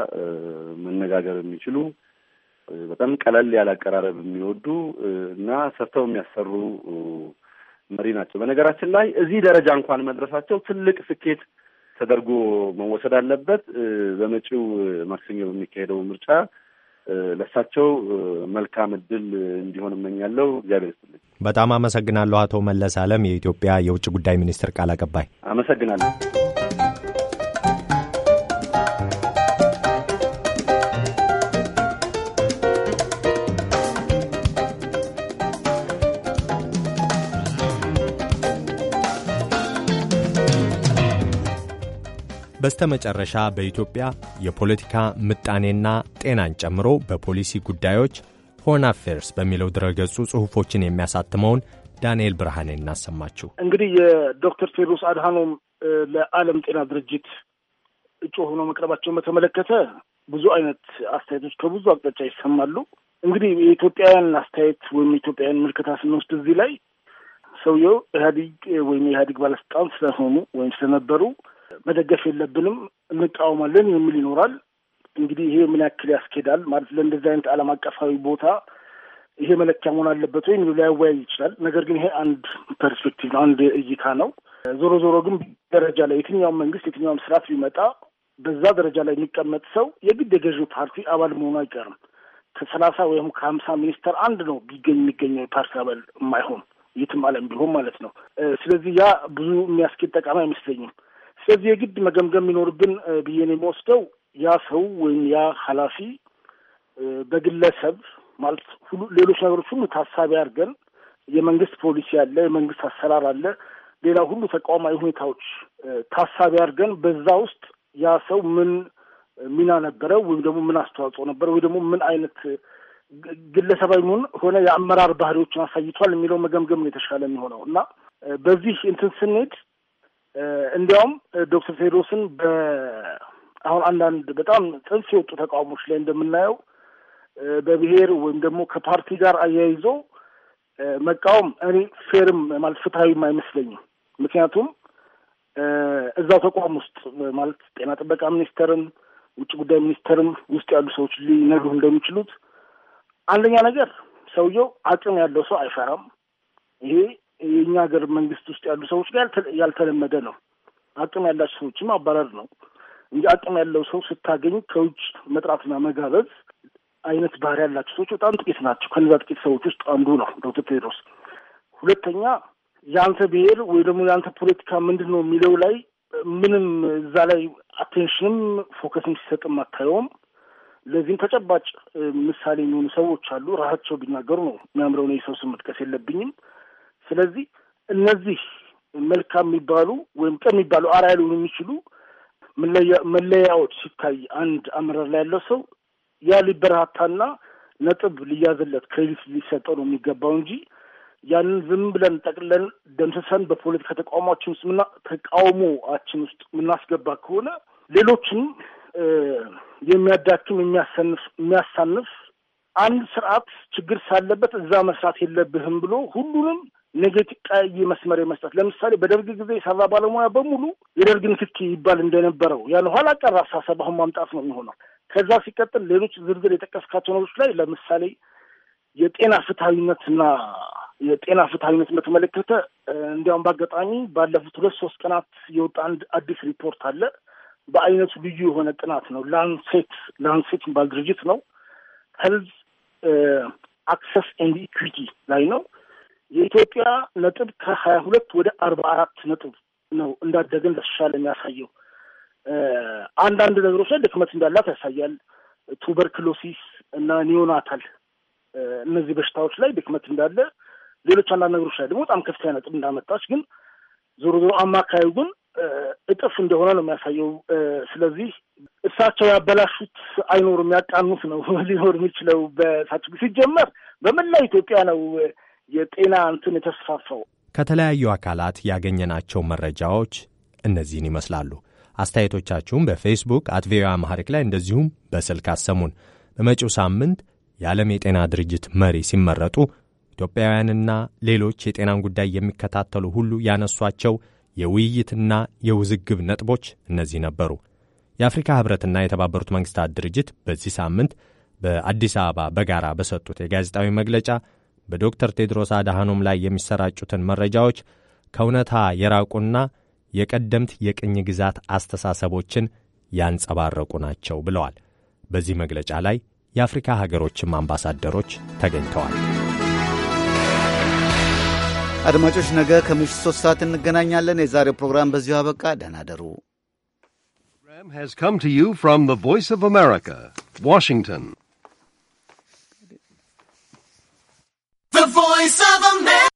መነጋገር የሚችሉ በጣም ቀለል ያለ አቀራረብ የሚወዱ እና ሰርተው የሚያሰሩ መሪ ናቸው። በነገራችን ላይ እዚህ ደረጃ እንኳን መድረሳቸው ትልቅ ስኬት ተደርጎ መወሰድ አለበት። በመጪው ማክሰኞ በሚካሄደው ምርጫ ለሳቸው መልካም እድል እንዲሆን እመኛለሁ። እግዚአብሔር ይስጥልኝ። በጣም አመሰግናለሁ አቶ መለስ አለም የኢትዮጵያ የውጭ ጉዳይ ሚኒስትር ቃል አቀባይ። አመሰግናለሁ። በስተመጨረሻ በኢትዮጵያ የፖለቲካ ምጣኔና ጤናን ጨምሮ በፖሊሲ ጉዳዮች ሆን አፌርስ በሚለው ድረገጹ ጽሑፎችን የሚያሳትመውን ዳንኤል ብርሃኔ እናሰማችሁ። እንግዲህ የዶክተር ቴዎድሮስ አድሃኖም ለዓለም ጤና ድርጅት እጩ ሆኖ መቅረባቸውን በተመለከተ ብዙ አይነት አስተያየቶች ከብዙ አቅጣጫ ይሰማሉ። እንግዲህ የኢትዮጵያውያን አስተያየት ወይም የኢትዮጵያውያን ምልከታ ስንወስድ እዚህ ላይ ሰውየው ኢህአዲግ ወይም የኢህአዲግ ባለስልጣን ስለሆኑ ወይም ስለነበሩ መደገፍ የለብንም እንቃወማለን የሚል ይኖራል። እንግዲህ ይሄ ምን ያክል ያስኬዳል ማለት ለእንደዚህ አይነት ዓለም አቀፋዊ ቦታ ይሄ መለኪያ መሆን አለበት ወይ የሚሉ ሊያወያይ ይችላል። ነገር ግን ይሄ አንድ ፐርስፔክቲቭ ነው፣ አንድ እይታ ነው። ዞሮ ዞሮ ግን ደረጃ ላይ የትኛውም መንግስት የትኛውም ስርዓት ቢመጣ በዛ ደረጃ ላይ የሚቀመጥ ሰው የግድ የገዢው ፓርቲ አባል መሆኑ አይቀርም። ከሰላሳ ወይም ከሀምሳ ሚኒስተር አንድ ነው ቢገኝ የሚገኘው የፓርቲ አባል የማይሆን የትም ዓለም ቢሆን ማለት ነው። ስለዚህ ያ ብዙ የሚያስኬድ ጠቃሚ አይመስለኝም። ስለዚህ የግድ መገምገም ይኖርብን ብዬ ነው የሚወስደው ያ ሰው ወይም ያ ኃላፊ በግለሰብ ማለት ሁሉ ሌሎች ነገሮች ሁሉ ታሳቢ አድርገን የመንግስት ፖሊሲ አለ፣ የመንግስት አሰራር አለ፣ ሌላ ሁሉ ተቃውማዊ ሁኔታዎች ታሳቢ አድርገን በዛ ውስጥ ያ ሰው ምን ሚና ነበረው ወይም ደግሞ ምን አስተዋጽኦ ነበረ ወይ ደግሞ ምን አይነት ግለሰባዊ ሆነ የአመራር ባህሪዎችን አሳይቷል የሚለው መገምገም ነው የተሻለ የሚሆነው እና በዚህ እንትን ስንሄድ እንዲያውም ዶክተር ቴዎድሮስን አሁን አንዳንድ በጣም ጥንስ የወጡ ተቃውሞች ላይ እንደምናየው በብሔር ወይም ደግሞ ከፓርቲ ጋር አያይዞ መቃወም እኔ ፌርም ማለት ፍትሀዊም አይመስለኝም። ምክንያቱም እዛው ተቋም ውስጥ ማለት ጤና ጥበቃ ሚኒስቴርም ውጭ ጉዳይ ሚኒስቴርም ውስጥ ያሉ ሰዎች ሊነግሩ እንደሚችሉት አንደኛ ነገር ሰውየው አቅም ያለው ሰው አይፈራም። ይሄ የእኛ ሀገር መንግስት ውስጥ ያሉ ሰዎች ጋር ያልተለመደ ነው። አቅም ያላቸው ሰዎችም አባረር ነው እንጂ አቅም ያለው ሰው ስታገኝ ከውጭ መጥራትና መጋበዝ አይነት ባህሪ ያላቸው ሰዎች በጣም ጥቂት ናቸው። ከነዛ ጥቂት ሰዎች ውስጥ አንዱ ነው ዶክተር ቴዎድሮስ። ሁለተኛ የአንተ ብሔር ወይ ደግሞ የአንተ ፖለቲካ ምንድን ነው የሚለው ላይ ምንም እዛ ላይ አቴንሽንም ፎከስም ሲሰጥም አታየውም። ለዚህም ተጨባጭ ምሳሌ የሚሆኑ ሰዎች አሉ። ራሳቸው ቢናገሩ ነው የሚያምረው። እኔ ሰው ስም መጥቀስ የለብኝም። ስለዚህ እነዚህ መልካም የሚባሉ ወይም ቀን የሚባሉ አርአያ ሊሆኑ የሚችሉ መለያዎች ሲታይ አንድ አመራር ላይ ያለው ሰው ያ ሊበረታታና ነጥብ ሊያዝለት ክሬዲት ሊሰጠው ነው የሚገባው እንጂ ያንን ዝም ብለን ጠቅለን ደምስሰን በፖለቲካ ተቃውሟችን ውስጥ ምና ውስጥ የምናስገባ ከሆነ ሌሎችን የሚያዳክም የሚያሰንፍ የሚያሳንፍ አንድ ስርዓት ችግር ሳለበት እዛ መስራት የለብህም ብሎ ሁሉንም ንግድ ቀይ መስመር የመስጠት ለምሳሌ በደርግ ጊዜ የሰራ ባለሙያ በሙሉ የደርግ ንክኪ ይባል እንደነበረው ያን ኋላ ቀር አስተሳሰብ አሁን ማምጣት ነው የሚሆነው። ከዛ ሲቀጥል ሌሎች ዝርዝር የጠቀስካቸው ነገሮች ላይ ለምሳሌ የጤና ፍትሐዊነትና የጤና ፍትሐዊነት በተመለከተ እንዲያውም በአጋጣሚ ባለፉት ሁለት ሶስት ቀናት የወጣ አንድ አዲስ ሪፖርት አለ። በአይነቱ ልዩ የሆነ ጥናት ነው። ላንሴት ላንሴት የሚባል ድርጅት ነው። ሄልዝ አክሰስ ኤንድ ኢኩዊቲ ላይ ነው የኢትዮጵያ ነጥብ ከሀያ ሁለት ወደ አርባ አራት ነጥብ ነው እንዳደገን ለተሻለ የሚያሳየው። አንዳንድ ነገሮች ላይ ድክመት እንዳላት ያሳያል። ቱበርክሎሲስ እና ኒዮናታል እነዚህ በሽታዎች ላይ ድክመት እንዳለ፣ ሌሎች አንዳንድ ነገሮች ላይ ደግሞ በጣም ከፍተኛ ነጥብ እንዳመጣች፣ ግን ዞሮ ዞሮ አማካዩ ግን እጥፍ እንደሆነ ነው የሚያሳየው። ስለዚህ እሳቸው ያበላሹት አይኖርም፣ ያቃኑት ነው (laughs) ሊኖር የሚችለው በሳቸው ሲጀመር በመላው ኢትዮጵያ ነው የጤና እንትን የተስፋፋው። ከተለያዩ አካላት ያገኘናቸው መረጃዎች እነዚህን ይመስላሉ። አስተያየቶቻችሁም በፌስቡክ አት ቪኦኤ አማሪክ ላይ እንደዚሁም በስልክ አሰሙን። በመጪው ሳምንት የዓለም የጤና ድርጅት መሪ ሲመረጡ ኢትዮጵያውያንና ሌሎች የጤናን ጉዳይ የሚከታተሉ ሁሉ ያነሷቸው የውይይትና የውዝግብ ነጥቦች እነዚህ ነበሩ። የአፍሪካ ኅብረትና የተባበሩት መንግሥታት ድርጅት በዚህ ሳምንት በአዲስ አበባ በጋራ በሰጡት የጋዜጣዊ መግለጫ በዶክተር ቴድሮስ አድሃኖም ላይ የሚሰራጩትን መረጃዎች ከእውነታ የራቁና የቀደምት የቅኝ ግዛት አስተሳሰቦችን ያንጸባረቁ ናቸው ብለዋል። በዚህ መግለጫ ላይ የአፍሪካ ሀገሮችም አምባሳደሮች ተገኝተዋል። አድማጮች፣ ነገ ከምሽት ሶስት ሰዓት እንገናኛለን። የዛሬው ፕሮግራም በዚሁ አበቃ። ደህና ደሩ። has come to you from the Voice of America, Washington. The Voice of a man.